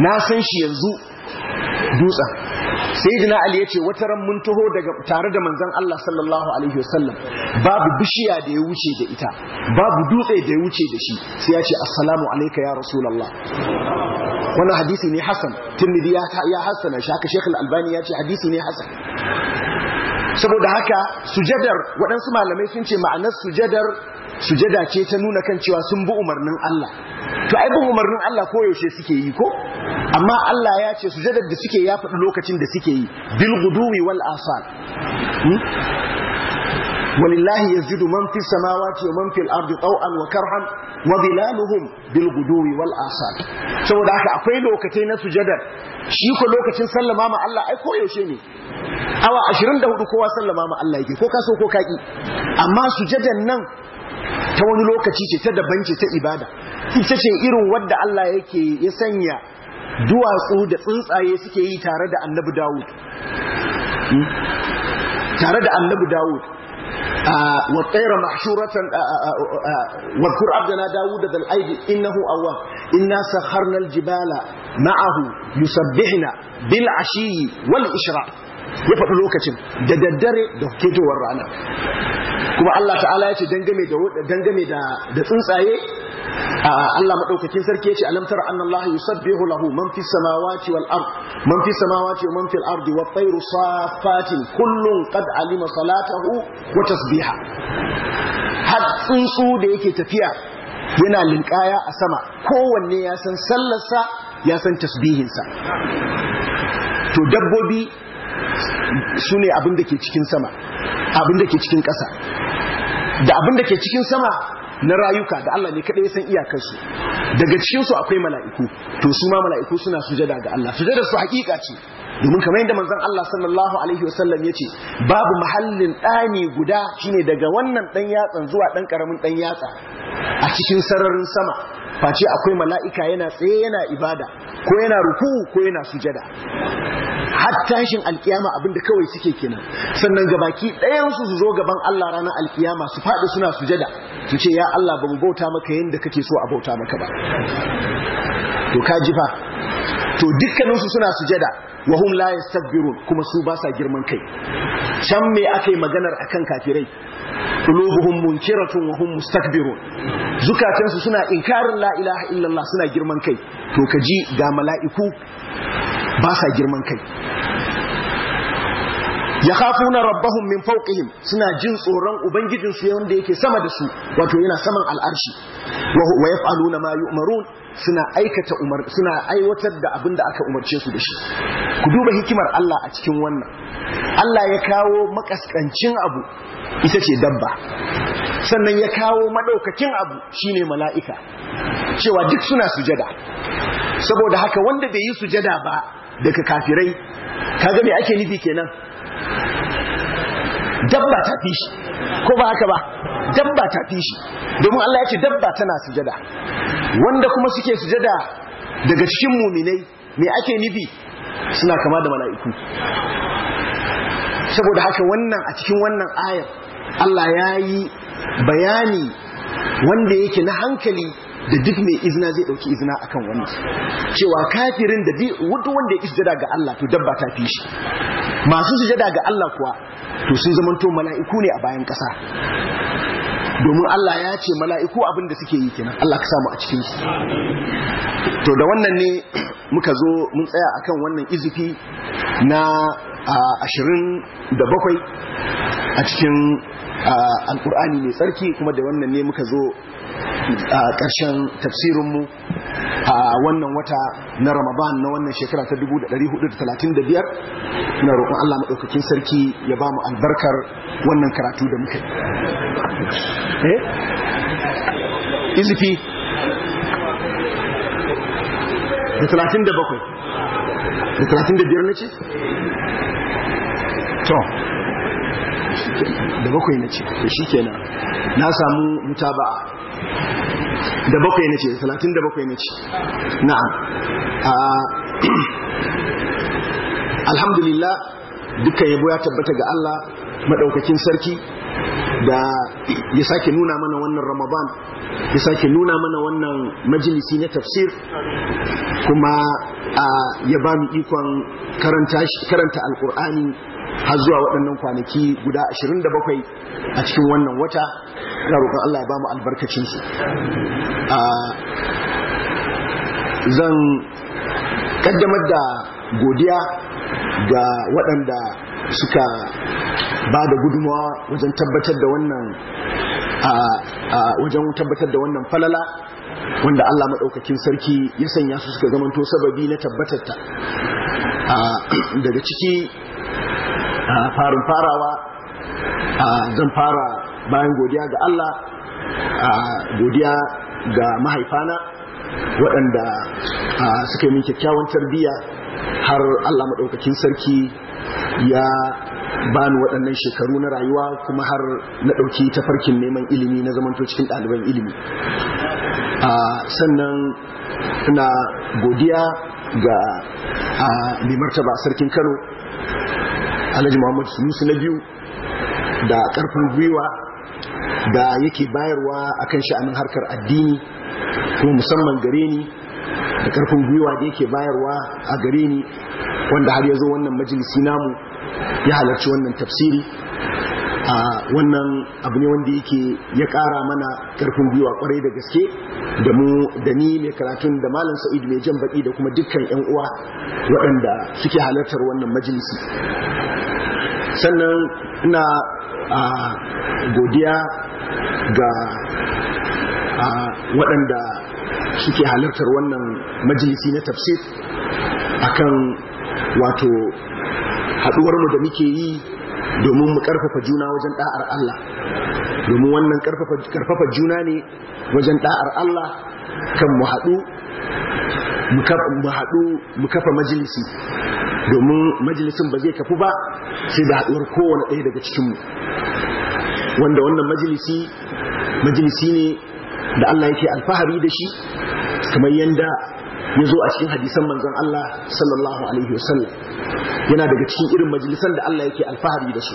na san shi yanzu dutsen sayyidina ali ce wata ran mun taho daga tare da manzon Allah sallallahu alaihi wasallam babu bishiya da ya wuce da ita babu dutse da ya wuce da shi sai ya ce assalamu alayka ya rasulullah wannan hadisi ne hasan tirmidhi ya ya hasana shi haka shekul albani ya ce hadisi ne hasan saboda haka sujadar waɗansu malamai sun ce ma'anar sujadar sujada ce ta nuna kan cewa sun bi umarnin Allah to ai bin umarnin Allah ko yaushe suke yi ko amma Allah ya ce sujadar da suke ya faɗi lokacin da suke yi bil guduwi wal asal hmm? walillahi yasjudu man fis samawati wa man fil ardi taw'an wa karhan wa dhilaluhum wal asal saboda haka akwai lokacin na sujada, shi ko lokacin sallama ma Allah ai ko yaushe ne awa 24 kowa sallama ma Allah yake ko ka so ko kaki amma sujadan nan ta wani lokaci ce ta daban ce ta ibada ita ce irin wanda Allah yake ya sanya duwatsu da tsuntsaye suke yi tare da annabi Dawud tare da annabi Dawud والطير محشورة واذكر عبدنا داود ذا الأيد إنه أواب إنا سخرنا الجبال معه يسبحنا بالعشي والإشراق ya faɗi lokacin da daddare da ketowar rana kuma Allah ta'ala ya ce dangane da dangane da da tsuntsaye Allah madaukakin sarki ya ce alam tara anna Allah yusabbihu lahu man fis samawati wal ard man fis samawati wa man fil ardi wa tayru safatin kullun qad alima salatahu wa tasbiha har tsuntsu da yake tafiya yana linkaya a sama kowanne ya san sallarsa ya san tasbihinsa to dabbobi su ne abinda da ke cikin sama abinda ke cikin ƙasa da abinda ke cikin sama na rayuka da Allah ne kaɗai san iyakarsu daga cikinsu akwai mala'iku to su ma mala'iku suna sujada ga Allah sujada su hakika ce domin kamar yadda manzon Allah sallallahu alaihi wasallam yace babu mahallin ɗani guda shine daga wannan ɗan yatsan zuwa ɗan ƙaramin ɗan yatsa a cikin sararin sama face akwai mala'ika yana tsaye yana ibada ko yana ruku ko yana sujada har tashin alkiyama abinda kawai suke kenan sannan gabaki ɗayan su zo gaban Allah ranar alkiyama su faɗi suna sujada su ce ya Allah ba mu bauta maka yadda kake so a bauta maka ba to ka ji fa to dukkaninsu suna sujada wa hum la kuma su ba sa girman kai can me aka yi maganar akan kafirai qulubuhum munkiratun wa hum mustakbirun zukatansu suna inkarin la illallah suna girman kai to ka ji ga mala'iku ba sa girman kai ya na rabahun min fauƙihim suna jin tsoron ubangijinsu yawon da yake sama da su wato yana saman al'arshi wa huwa na mayu yu'marun suna aikata umar suna aiwatar da abin da aka umarce su da shi ku duba hikimar Allah a cikin wannan Allah ya kawo makaskancin abu ita ce dabba sannan ya kawo madaukakin abu shine mala'ika cewa duk suna sujada saboda haka wanda bai yi sujada ba daga kafirai kaga me ake nufi kenan dabba ta fi shi ko ba haka ba dabba ta fi shi domin Allah ya ce dabba tana sujada wanda kuma suke sujada daga cikin muminai me ake nufi suna kama da mala'iku saboda haka wannan a cikin wannan ayar Allah ya yi bayani wanda yake na hankali da duk mai izina zai dauki izina akan wani cewa kafirin da duk wanda ya sujada ga Allah to dabba ta fi shi masu sujada ga Allah kuwa to sun zama zamanto mala'iku ne a bayan kasa. domin Allah ya ce mala'iku abinda suke yi kenan Allah ka samu a cikin su to da wannan ne muka zo mun tsaya akan wannan izifi na ashirin da bakwai a cikin alkur'ani mai tsarki kuma da wannan ne muka zo a ƙarshen tafsirinmu a wannan wata na ramadan na wannan shekara ta 1435 na roƙon allah maɗaukakin sarki ya ba mu albarkar wannan karatu da muka yi eh? izifi da 37 da 35 na ce? to da bakwai na ce da shi kenan na samu mutaba'a da bakwai na ce talatin da bakwai na ce na'am alhamdulillah dukkan yabo ya tabbata ga Allah madaukakin sarki da ya sake nuna mana wannan ramadan ya sake nuna mana wannan majalisi na tafsir kuma ya ba mu ikon karanta alkur'ani har zuwa waɗannan kwanaki guda 27 a cikin wannan wata ina roƙon Allah ya ba mu albarkacinsu zan kaddamar da godiya ga waɗanda suka ba da gudumawa wajen tabbatar da wannan wajen tabbatar da wannan falala wanda Allah maɗaukakin sarki ya sanya su suka zamanto sababi na tabbatar ta daga ciki farin farawa zan fara bayan godiya ga Allah godiya ga mahaifana waɗanda suka yi min kyakkyawan tarbiyya har Allah maɗaukakin sarki ya bani waɗannan shekaru na rayuwa kuma har na ɗauki tafarkin neman ilimi na zamanto cikin ɗaliban ilimi sannan ina godiya ga mai martaba sarkin kano alhaji muhammad sunusu na biyu da karfin gwiwa da yake bayarwa akan sha'anin harkar addini kuma musamman gare ni da karfin gwiwa da yake bayarwa a gare ni wanda har ya zo wannan majalisi namu ya halarci wannan tafsiri a wannan abu ne wanda yake ya kara mana karfin gwiwa kwarai da gaske da mu da ni mai karatun da malam sa'id mai jan baki da kuma dukkan yan uwa waɗanda suke halartar wannan majalisi sannan ina a godiya ga waɗanda suke halartar wannan majalisi na tafsir akan wato haɗuwar mu da muke yi domin mu karfafa juna wajen da'ar Allah domin wannan karfafa juna ne wajen da'ar Allah kan mu haɗu mu kafa majalisi domin majalisin ba zai kafu ba sai da haɗuwar kowane ɗaya daga cikinmu wanda wannan majalisi majalisi ne da Allah yake alfahari da shi kamar yadda ya zo a cikin hadisan manzon Allah sallallahu alaihi wasallam yana daga cikin irin majalisan da Allah yake alfahari da su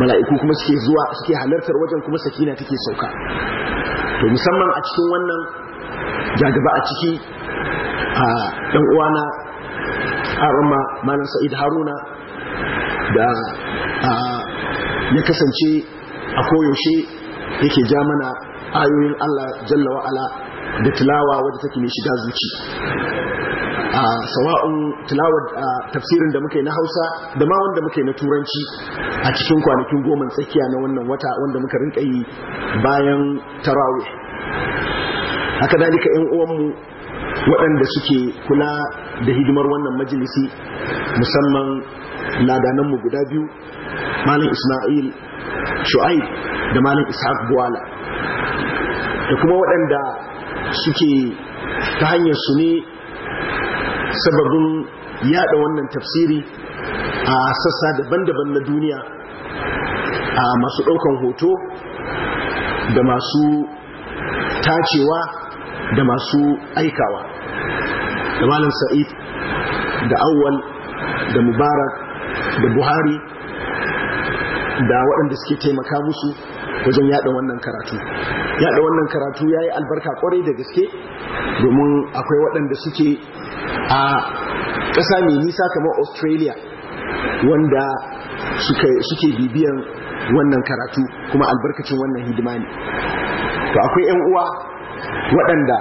mala'iku kuma suke zuwa suke halartar wajen kuma sakina take sauka to musamman a cikin wannan jagaba a ciki a ɗan uwana arama malam Sa'id Haruna da ya kasance a koyaushe yake ja mana ayoyin Allah jalla wa'ala da tilawa wadda take mai shiga zuci a sawa'un tilawar tafsirin da muka na hausa da ma wanda muka na turanci a cikin kwanakin goma tsakiya na wannan wata wanda muka rinka yi bayan tarawih haka dalika yan uwanmu waɗanda suke kula da hidimar wannan majalisi musamman ladananmu guda biyu malin ismail shu'aib da malin ishaq buwala da kuma waɗanda suke ta hanyar su ne sababin yada wannan tafsiri a sassa daban-daban na duniya a masu daukan hoto da masu tacewa da masu aikawa da malam sa'id da awwal da mubarak da buhari da waɗanda suke taimaka musu wajen yada wannan karatu yada wannan karatu ya yi albarka kwarai da gaske domin akwai waɗanda suke a ƙasa mai nisa kamar Australia wanda suke bibiyan wannan karatu kuma albarkacin wannan hidima ne to akwai 'yan uwa waɗanda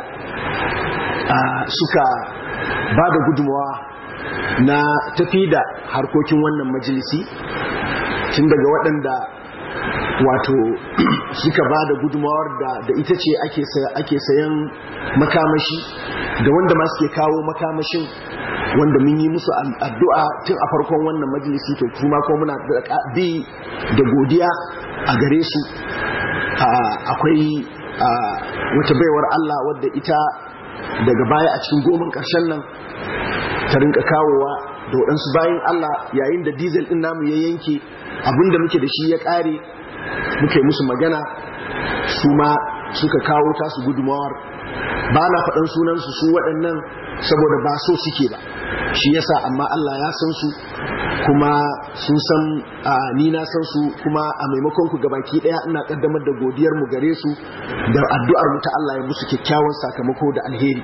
suka ba da gudunmawa na tafi da harkokin wannan majalisi tun daga waɗanda wato suka ba da gudumawar da ita ce ake sayan makamashi da wanda masu ke kawo makamashin wanda mun yi musu addu'a tun a farkon wannan majalisi to kuma ko muna bi da godiya a gare su akwai wata baiwar Allah wadda ita daga baya a cikin gomar ƙarshen nan ta rinka kawowa da waɗansu bayan Allah yayin da diesel ɗin namu ya yanke abinda muke da shi ya ƙare muke musu magana su ma suka kawo tasu gudumawar ba na faɗan sunansu su waɗannan saboda ba so suke ba shi yasa amma Allah ya san su kuma sun san ni na san su kuma a maimakon ku gabaki ɗaya ina ƙaddamar da godiyar mu gare su da addu'ar mu ta Allah ya musu kyakkyawan sakamako da alheri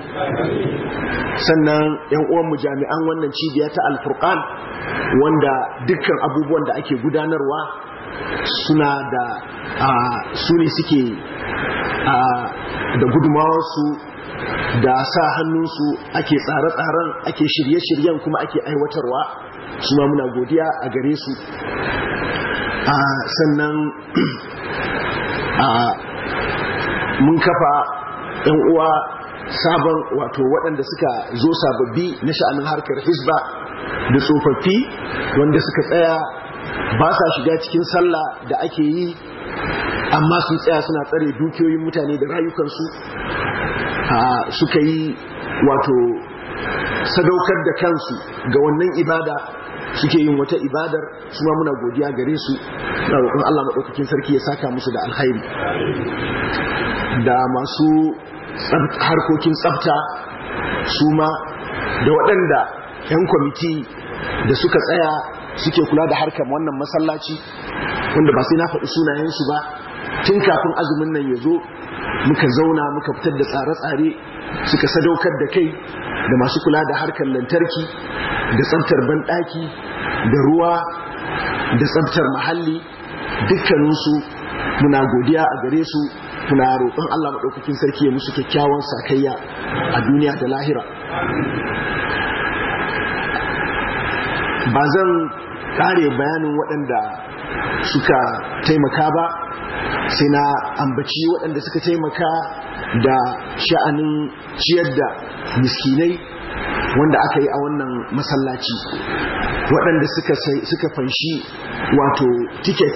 sannan yan uwan mu jami'an wannan cibiya ta alfurqan wanda dukkan abubuwan da ake gudanarwa suna da su ne suke da gudunmawarsu da sa hannunsu ake tsare-tsaren ake shirye-shiryen kuma ake aiwatarwa suna muna godiya a gare su sannan mun kafa 'yan uwa sabon wato waɗanda suka zo sababbi na sha'anin harkar hisba da tsofaffi wanda suka tsaya ba sa shiga cikin sallah da ake yi amma su tsaya suna tsare dukiyoyin mutane da rayukansu suka yi wato sadaukar da kansu ga wannan ibada suke yin wata ibadar su ma muna godiya gare su na roƙon Allah maɗaukakin sarki ya saka musu da alhairi da masu harkokin tsafta su ma da waɗanda 'yan kwamiti da suka tsaya suke kula da harkar wannan masallaci wanda ba sai na faɗi sunayensu ba tun kafin azumin nan ya zo muka zauna muka fitar da tsare-tsare suka sadaukar da kai da masu kula da harkar lantarki da tsabtar banɗaki da ruwa da tsabtar mahalli dukkaninsu muna godiya a gare su muna roƙon Allah maɗaukakin sarki ya musu kyakkyawan sakayya a duniya da lahira ba zan kare bayanin waɗanda suka taimaka ba sai na ambaci waɗanda suka taimaka da sha'anin ciyar da miskinai wanda aka yi a wannan masallaci waɗanda suka fanshi wato tiket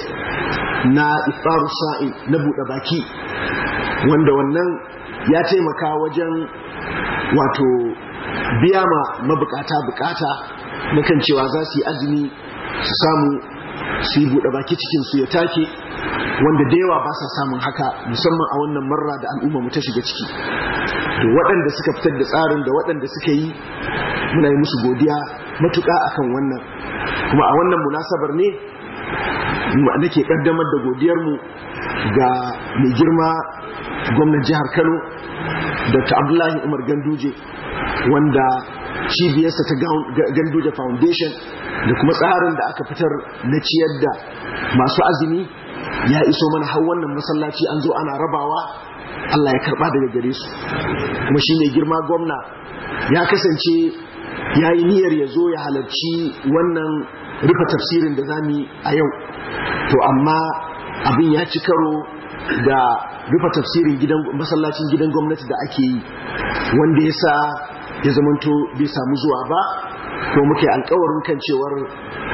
na ifaru sa'i na buɗe baki wanda wannan ya taimaka wajen wato biya ma mabukata bukata na kan cewa za su yi azumi su samu su yi buɗe baki cikin su ya take wanda da yawa ba sa samun haka musamman a wannan marra da al'umma mu ta shiga ciki to waɗanda suka fitar da tsarin da waɗanda suka yi muna yi musu godiya matuƙa akan wannan kuma a wannan munasabar ne nake ƙaddamar da godiyarmu ga mai girma gwamnan jihar Kano Dr. Abdullahi Umar Ganduje wanda cibiyarsa ta gandu da foundation da kuma tsarin da aka fitar na ciyar da masu azumi ya iso mana har wannan masallaci an zo ana rabawa Allah ya karba daga gare su kuma shi ne girma gwamna ya kasance ya yi niyyar ya zo ya halarci wannan rufe tafsirin da zami a yau to amma abin ya ci karo da rufe tafsirin masallacin gidan gwamnati da ake yi wanda ya sa ya zamanto bai samu zuwa ba ko muke alkawarin kan cewar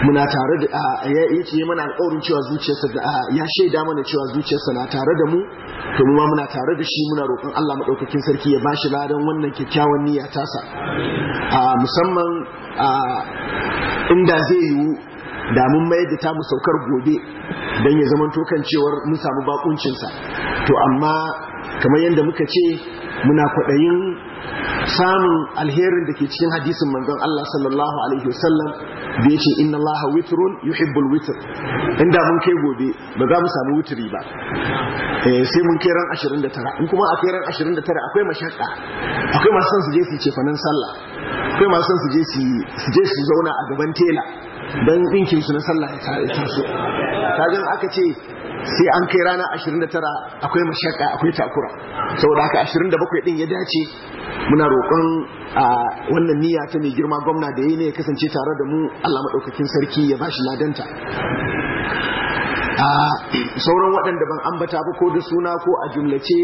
muna tare da ya ce mana alkawarin cewa zuciyarsa da ya shaida mana cewa zuciyarsa na tare da mu to mu ma muna tare da shi muna roƙon Allah madaukakin sarki ya bashi ladan wannan kyakkyawan niyya ta a musamman inda zai yiwu da mun mayar da tamu saukar gobe don ya zamanto kan cewar mun samu bakuncinsa to amma kamar yadda muka ce muna kwaɗayin samun alherin da ke cikin hadisin manzon Allah sallallahu alaihi wasallam da yace inna Allah witrun yuhibbul witr inda mun kai gobe ba za mu samu witri ba eh sai mun kai ran 29 in kuma a kai ran 29 akwai mashaka akwai masu son su je su ce fanan sallah akwai masu son su je su je su zauna a gaban tela dan dinkin su na sallah ya taso kaga aka ce sai an kai rana 29 akwai mashaka akwai takura saboda haka 27 din ya dace muna roƙon wannan niyya ta mai girma gwamna da yi ne ya kasance tare da mu Allah maɗaukakin sarki ya ba bashi ladanta sauran waɗanda ban ambata ba ko da suna ko a jumlace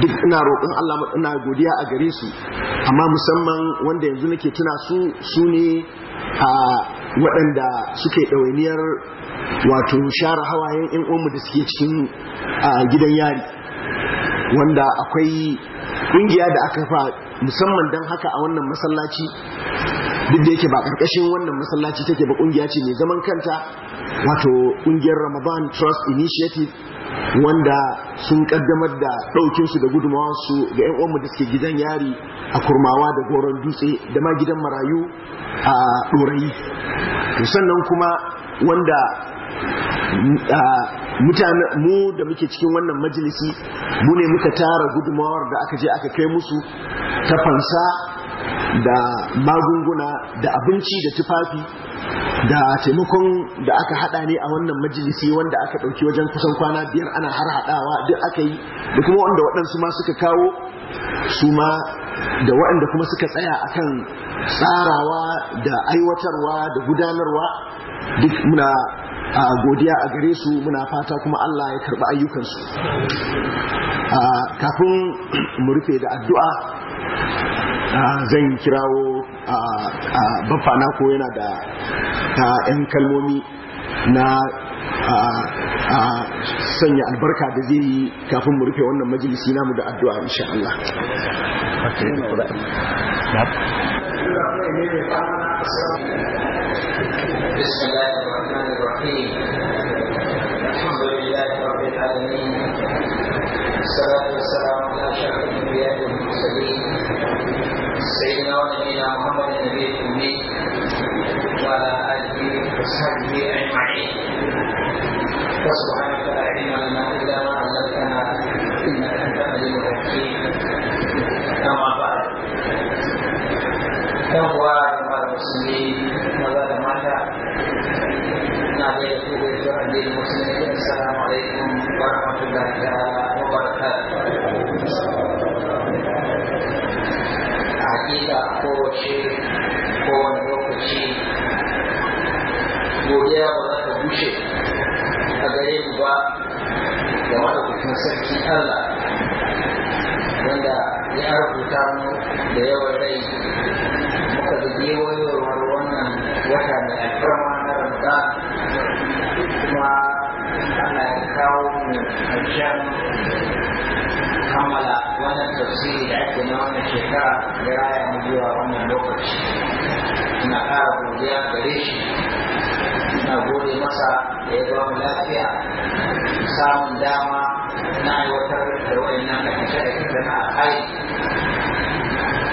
duk ina roƙon Allah ina godiya a gare su amma musamman wanda yanzu nake tuna su su ne a waɗanda suke ɗawainiyar wato share hawayen yan uwanmu da suke cikin gidan yari wanda akwai kungiya da aka fa musamman don haka a wannan masallaci duk da yake ba karkashin wannan masallaci take ba kungiya ce mai zaman kanta wato kungiyar ramadan trust initiative wanda sun kaddamar da ɗaukinsu da gudunmawarsu ga 'yan uwanmu da suke gidan yari a kurmawa da goron dutse da ma gidan marayu a ɗorayi sannan kuma wanda mutane mu da muke cikin wannan majalisi mu ne muka tara gudumawar da aka je aka kai musu ta fansa da magunguna da abinci da tufafi da taimakon da aka hada ne a wannan majalisi wanda aka dauki wajen kusan kwana biyar ana har hadawa duk aka yi da kuma wanda waɗansu ma suka kawo su ma da waɗanda kuma suka tsaya akan tsarawa da aiwatarwa da gudanarwa duk muna a godiya a gare su muna fata kuma Allah ya karɓi ayyukansu kafin mu rufe da addu'a zan kirawo bafana ko yana da ta 'yan kalmomi na sanya albarka da zai yi kafin mu rufe wannan majalisi namu da addu'a insha Allah بسم الرحيم الحمد لله رب العالمين الصلاة والسلام على أشرف الأنبياء والمرسلين سيدنا ونبينا محمد النبي الأمي وعلى آله وصحبه أجمعين وسبحانك لا علم لنا إلا ما علمتنا إنك أنت العليم الحكيم أما بعد الله وبركاته hakika kowace kowane ta bushe a ba da madaukakin sarki Allah wanda ya rubuta mu da yawan rai muka da shekara da raya mu zuwa wannan lokaci ina ƙara godiya gare shi ina gode masa da ya ba mu lafiya samun dama na aiwatar da wayannan aikace-aikace na alhari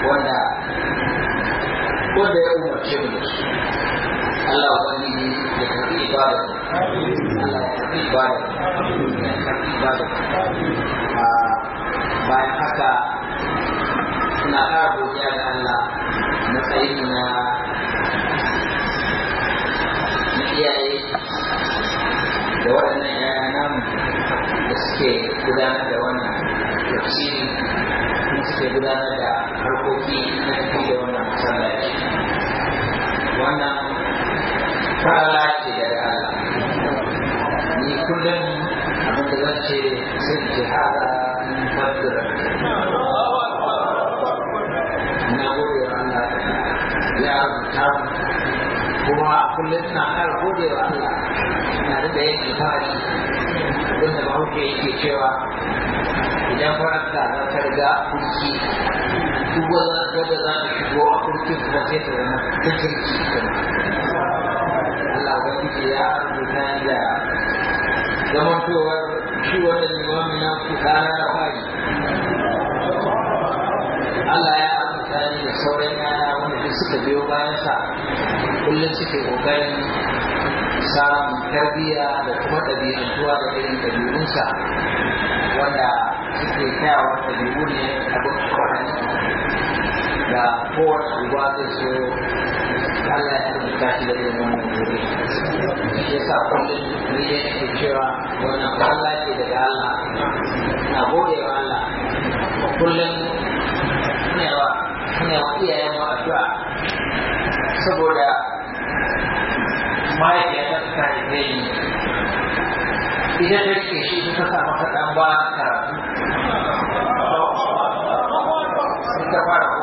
wanda wanda ya umarce mu da su Allah ya karbi ibada Allah ya karbi ibada ya karbi ibada ah, bayan haka muna ƙara godiya da Allah matsayin na iyaye da waɗannan yaya namu da suke gudanar da wannan tafsiri da suke gudanar da harkoki na tafi da wannan masallaci wannan fara kullum ina ƙara gode wa Allah ina da yin alfahari abin da yake cewa idan faranta za ta riga kurki duk wani gada za ta shigo a kurkin kuma sai ta zama ta kirki Allah ubangiji ya rubuta da zamantowar shi wannan limamin na kuka na fari Allah ya azurta ni da sauran yaya wanda duk suka biyo bayansa kullum suke ƙoƙarin samun tarbiyya da kuma ɗabi'antuwa da irin ɗabi'unsa wanda suke kyawawan ɗabi'u ne abin kwanan da kowace ruwa zai so Allah ya rubuta shi da irin wannan gobe ya sa kullum ni ne ke cewa wannan Allah ke daga Allah na gode wa Allah kullum ne wa iyayen wa addu'a saboda zai yi idan da ke shi ta sa maka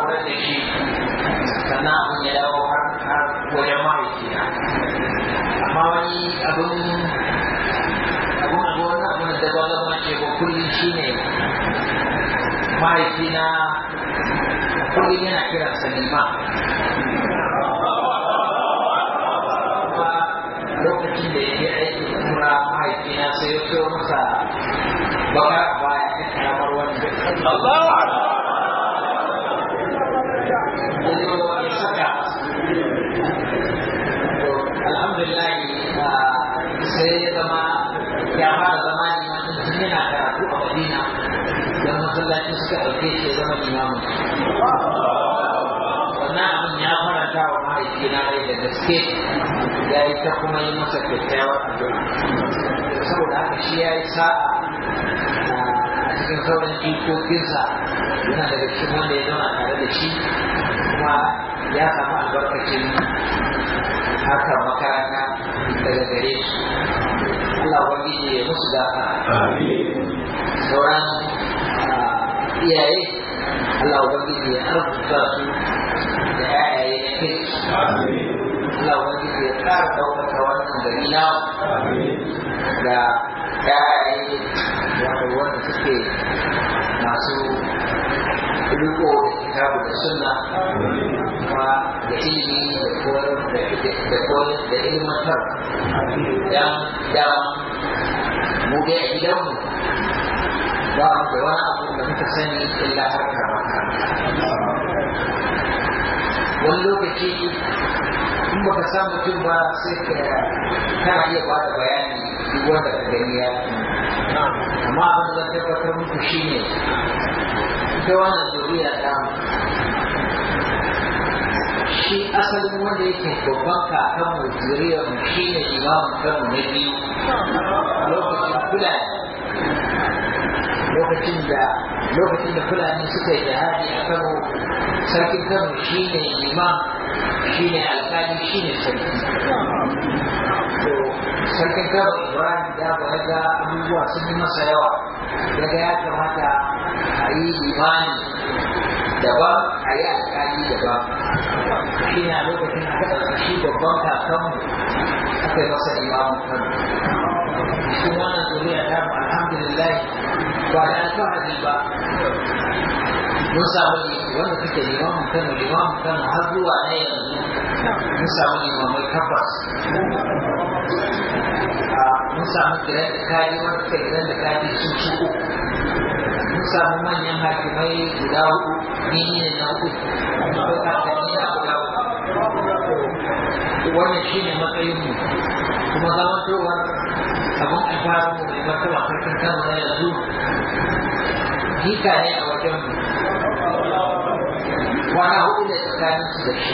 dan shi sannan abin ya dawo har wajen abun abu wani da ba zan mace ba na yana kiran salima baya ba ya karamar wannan alhamdulillah ah, sai ya zama ya fara zama limamin tun yana karatu a madina don masallaci suka ɗauke shi ya zama limamin wannan abin ya faranta wa mahaifi na rai da gaske ya yi ta kuma yi masa kyakkyawar addu'a saboda haka shi ya yi sa'a cikin sauran jikokinsa yana daga cikin wanda ya zama tare da shi kuma ya samu albarkacin haka makaranta daga gare shi Allah wani ya musu gafa sauran ah, iyaye Allah wani ya arzuta su da yayaye na kai Allah wani ya ƙara ɗaukaka wannan gari na da riko da kitabu da sunna kuma da ilimi da koyar da koyar da ilmantar dan da mu da gidanmu ba da wani abu da muka sani illa harkar wani lokaci in baka samu jin ba sai ka kana iya ba da bayani duk wanda ka gani ya amma abin da zai tabbatar muku shi ne ita wannan zuriya ta shi asalin wanda yake babban kakanmu zuriyar mu shi ne imamun kanmu na biyu lokacin fulani lokacin da lokacin da fulani suka yi jihadi a kano sarkin kano shi ne imam shi ne alkali shi ne sarki to sarkin kaba ibrahim da ba ya ga abubuwa sun yi masa yawa daga ya kamata a yi imani daban a yi alƙali daban shi na lokacin aka ɗauki babban kakanmu aka yi masa imamu kan cikin wannan zuriya ta mu alhamdulillah ba ta alfahari ba mun samu wanda kake limamin kano limamin kano har zuwa na yanzu mun samu limamai tabbas mun samu kiran da kayi kai da kayi sun ci uku mun samu manyan hakimai guda uku ni ne na uku akwai kakanni na guda uku wannan shi ne matsayin mu kuma zama cewar abin a mu mai martaba farkon kama na yanzu jika ne a wajen mu kwana hudu da tsakanin su da shi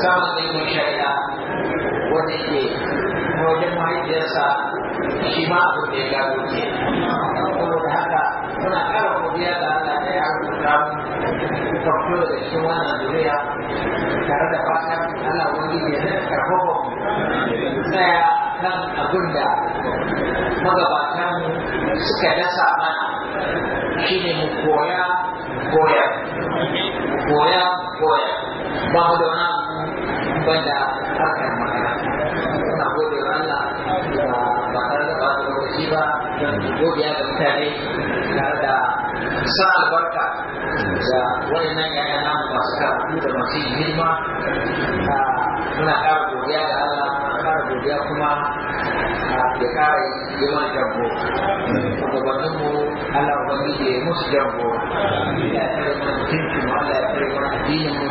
samun ilimin shaida wanda ke wajen mahaifiyarsa shi ma abin da ya gano ke saboda haka muna ƙara godiya da Allah da ya rubuta kuka fito da shi wannan duniya tare da fatan Allah wani ya nan tsaya kan abin da magabatan suka dasa mana shi ne mu koya koya godiya ga mutane tare da sa albarka da nan yaya namu masu karatu da masu hidima ah, muna ƙara godiya ga Allah ƙara godiya kuma ah, ya ƙara yi mana jambo shugabannin mu Allah ubangiji yi musu jambo ya tare mana mutunci mu Allah ya tare mana addinin mu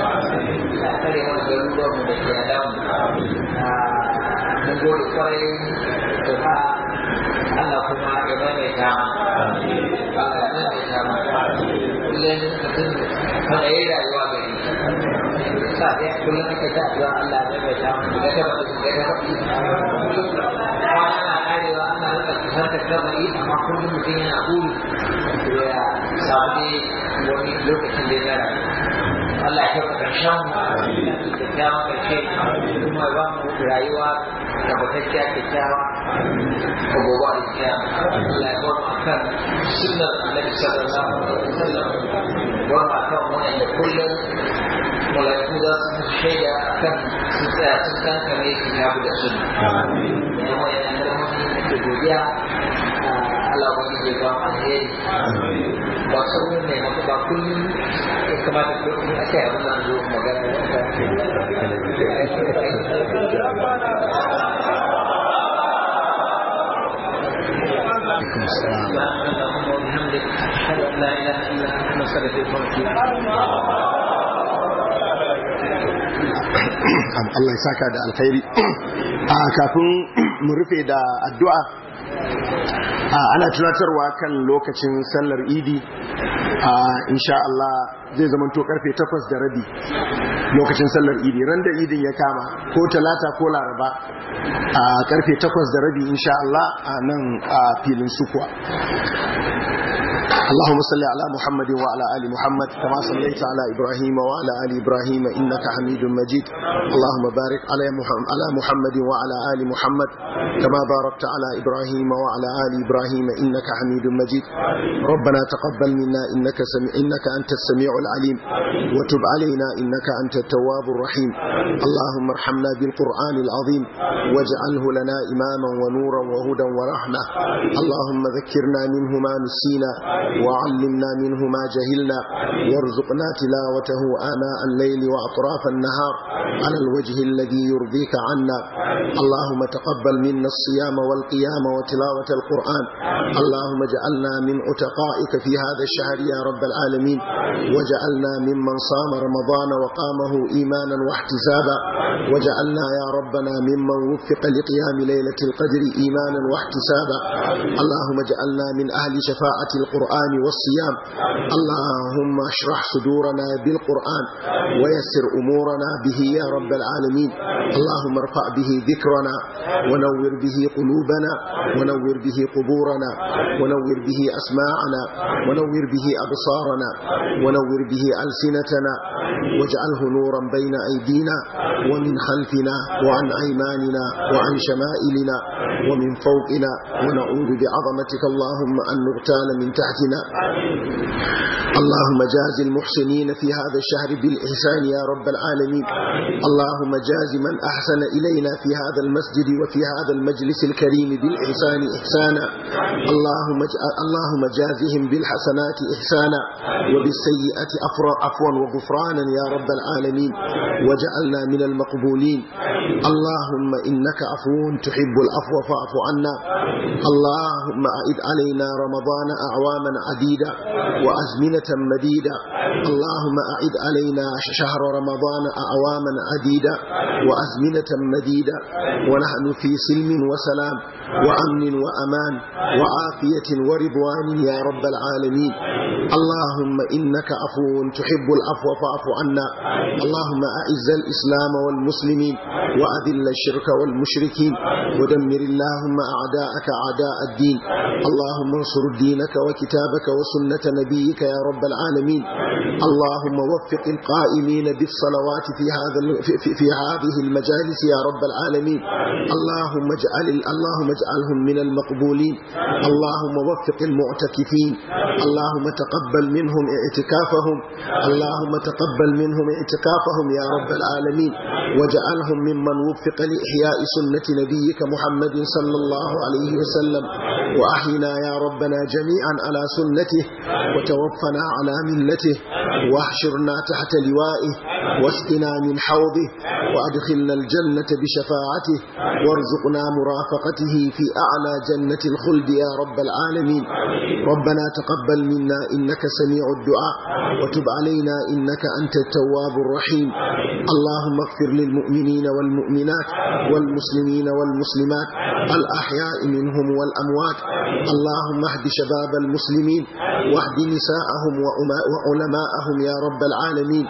ya tare mana garuruwan mu da ke adamu ah, mun gode kwarai da ta Allah kuma ya maimaita Ba ya maimaita mu kullum mutum kan yi rayuwa gari sa da kullum kake ta addu'a Allah ya maimaita mu da ta mutum da ta mutum kuma ana karewa ana rika kusa ta kabari amma kullum mutum yana buru ya samu wani lokacin da ya rayu Allah ya kafa karshen da kyawun karshe kuma ba mu rayuwa da bakakkiya kyakkyawa gobe alkiyama Allah ya bar akan sunnar Annabi sallallahu alaihi wasallam bar akan wannan da kullum malaiku za su shaida akan su tsaya sun ta ke da sunna amin kuma yana da muhimmanci da godiya ta wani ya ba alheri ba sauran ne maka ba kullum ya kamata kullum a sai abin da ta ke da ta سبحانك اللهم وبحمدك أشهد أن لا إله إلا أنت نستغفرك ونتوب Allah ya saka da alkhairi a kafin mu rufe da addu'a ana tunatarwa kan lokacin sallar idi insha Allah zai zama to karfe takwas da rabi lokacin sallar idi ran da idin ya kama ko talata ko laraba a karfe takwas da rabi insha Allah a nan a filin sukuwa اللهم صل على محمد وعلى آل محمد كما صليت على إبراهيم وعلى آل إبراهيم إنك حميد مجيد اللهم بارك على محمد وعلى آل محمد كما باركت على إبراهيم وعلى آل إبراهيم إنك حميد مجيد ربنا تقبل منا إنك, سمي إنك أنت السميع العليم وتب علينا إنك أنت التواب الرحيم اللهم ارحمنا بالقرآن العظيم واجعله لنا إماما ونورا وهدى ورحمة اللهم ذكرنا منه ما نسينا وعلمنا منه ما جهلنا وارزقنا تلاوته آناء الليل وأطراف النهار على الوجه الذي يرضيك عنا اللهم تقبل منا الصيام والقيام وتلاوة القرآن اللهم اجعلنا من أتقائك في هذا الشهر يا رب العالمين وجعلنا ممن صام رمضان وقامه إيمانا واحتسابا وجعلنا يا ربنا ممن وفق لقيام ليلة القدر إيمانا واحتسابا اللهم اجعلنا من أهل شفاعة القرآن القرآن والصيام اللهم اشرح صدورنا بالقرآن ويسر أمورنا به يا رب العالمين اللهم ارفع به ذكرنا ونور به قلوبنا ونور به قبورنا ونور به أسماعنا ونور به أبصارنا ونور به ألسنتنا واجعله نورا بين أيدينا ومن خلفنا وعن أيماننا وعن شمائلنا ومن فوقنا ونعوذ بعظمتك اللهم أن نغتال من تحت وأمهاتنا اللهم جاز المحسنين في هذا الشهر بالإحسان يا رب العالمين اللهم جاز من أحسن إلينا في هذا المسجد وفي هذا المجلس الكريم بالإحسان إحسانا اللهم اللهم جازهم بالحسنات إحسانا وبالسيئة عفوا وغفرانا يا رب العالمين وجعلنا من المقبولين اللهم إنك عفو تحب العفو فاعف عنا اللهم أعد علينا رمضان أعواما عديدة وأزمنة مديدة اللهم أعد علينا شهر رمضان أعواما عديدة وأزمنة مديدة ونحن في سلم وسلام وأمن وأمان وعافية ورضوان يا رب العالمين اللهم إنك عفو تحب العفو فاعف عنا اللهم أعز الإسلام والمسلمين وأذل الشرك والمشركين ودمر اللهم أعداءك أعداء الدين اللهم انصر دينك وكتابك كتابك وسنة نبيك يا رب العالمين اللهم وفق القائمين بالصلوات في هذا في, في هذه المجالس يا رب العالمين اللهم اجعل اللهم اجعلهم من المقبولين اللهم وفق المعتكفين اللهم تقبل منهم اعتكافهم اللهم تقبل منهم اعتكافهم يا رب العالمين واجعلهم ممن وفق لإحياء سنة نبيك محمد صلى الله عليه وسلم وأحينا يا ربنا جميعا على سنته وتوفنا على ملته واحشرنا تحت لوائه واسقنا من حوضه وأدخلنا الجنة بشفاعته وارزقنا مرافقته في أعلى جنة الخلد يا رب العالمين ربنا تقبل منا إنك سميع الدعاء وتب علينا إنك أنت التواب الرحيم اللهم اغفر للمؤمنين والمؤمنات والمسلمين والمسلمات الأحياء منهم والأموات اللهم اهد شباب المسلمين المسلمين واهد نساءهم وعلماءهم يا رب العالمين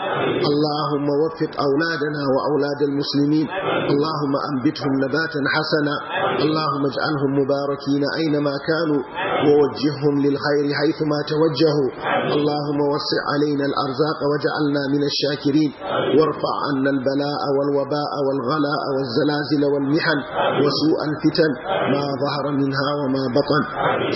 اللهم وفق أولادنا وأولاد المسلمين اللهم أنبتهم نباتا حسنا اللهم اجعلهم مباركين أينما كانوا ووجههم للخير حيثما توجهوا اللهم وسع علينا الأرزاق وجعلنا من الشاكرين وارفع عنا البلاء والوباء والغلاء والزلازل والمحن وسوء الفتن ما ظهر منها وما بطن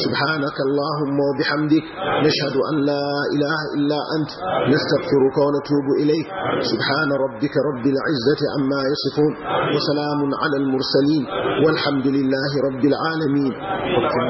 سبحانك اللهم وبحمدك نشهد أن لا إله إلا أنت نستغفرك ونتوب إليك سبحان ربك رب العزة عما يصفون وسلام على المرسلين والحمد لله رب العالمين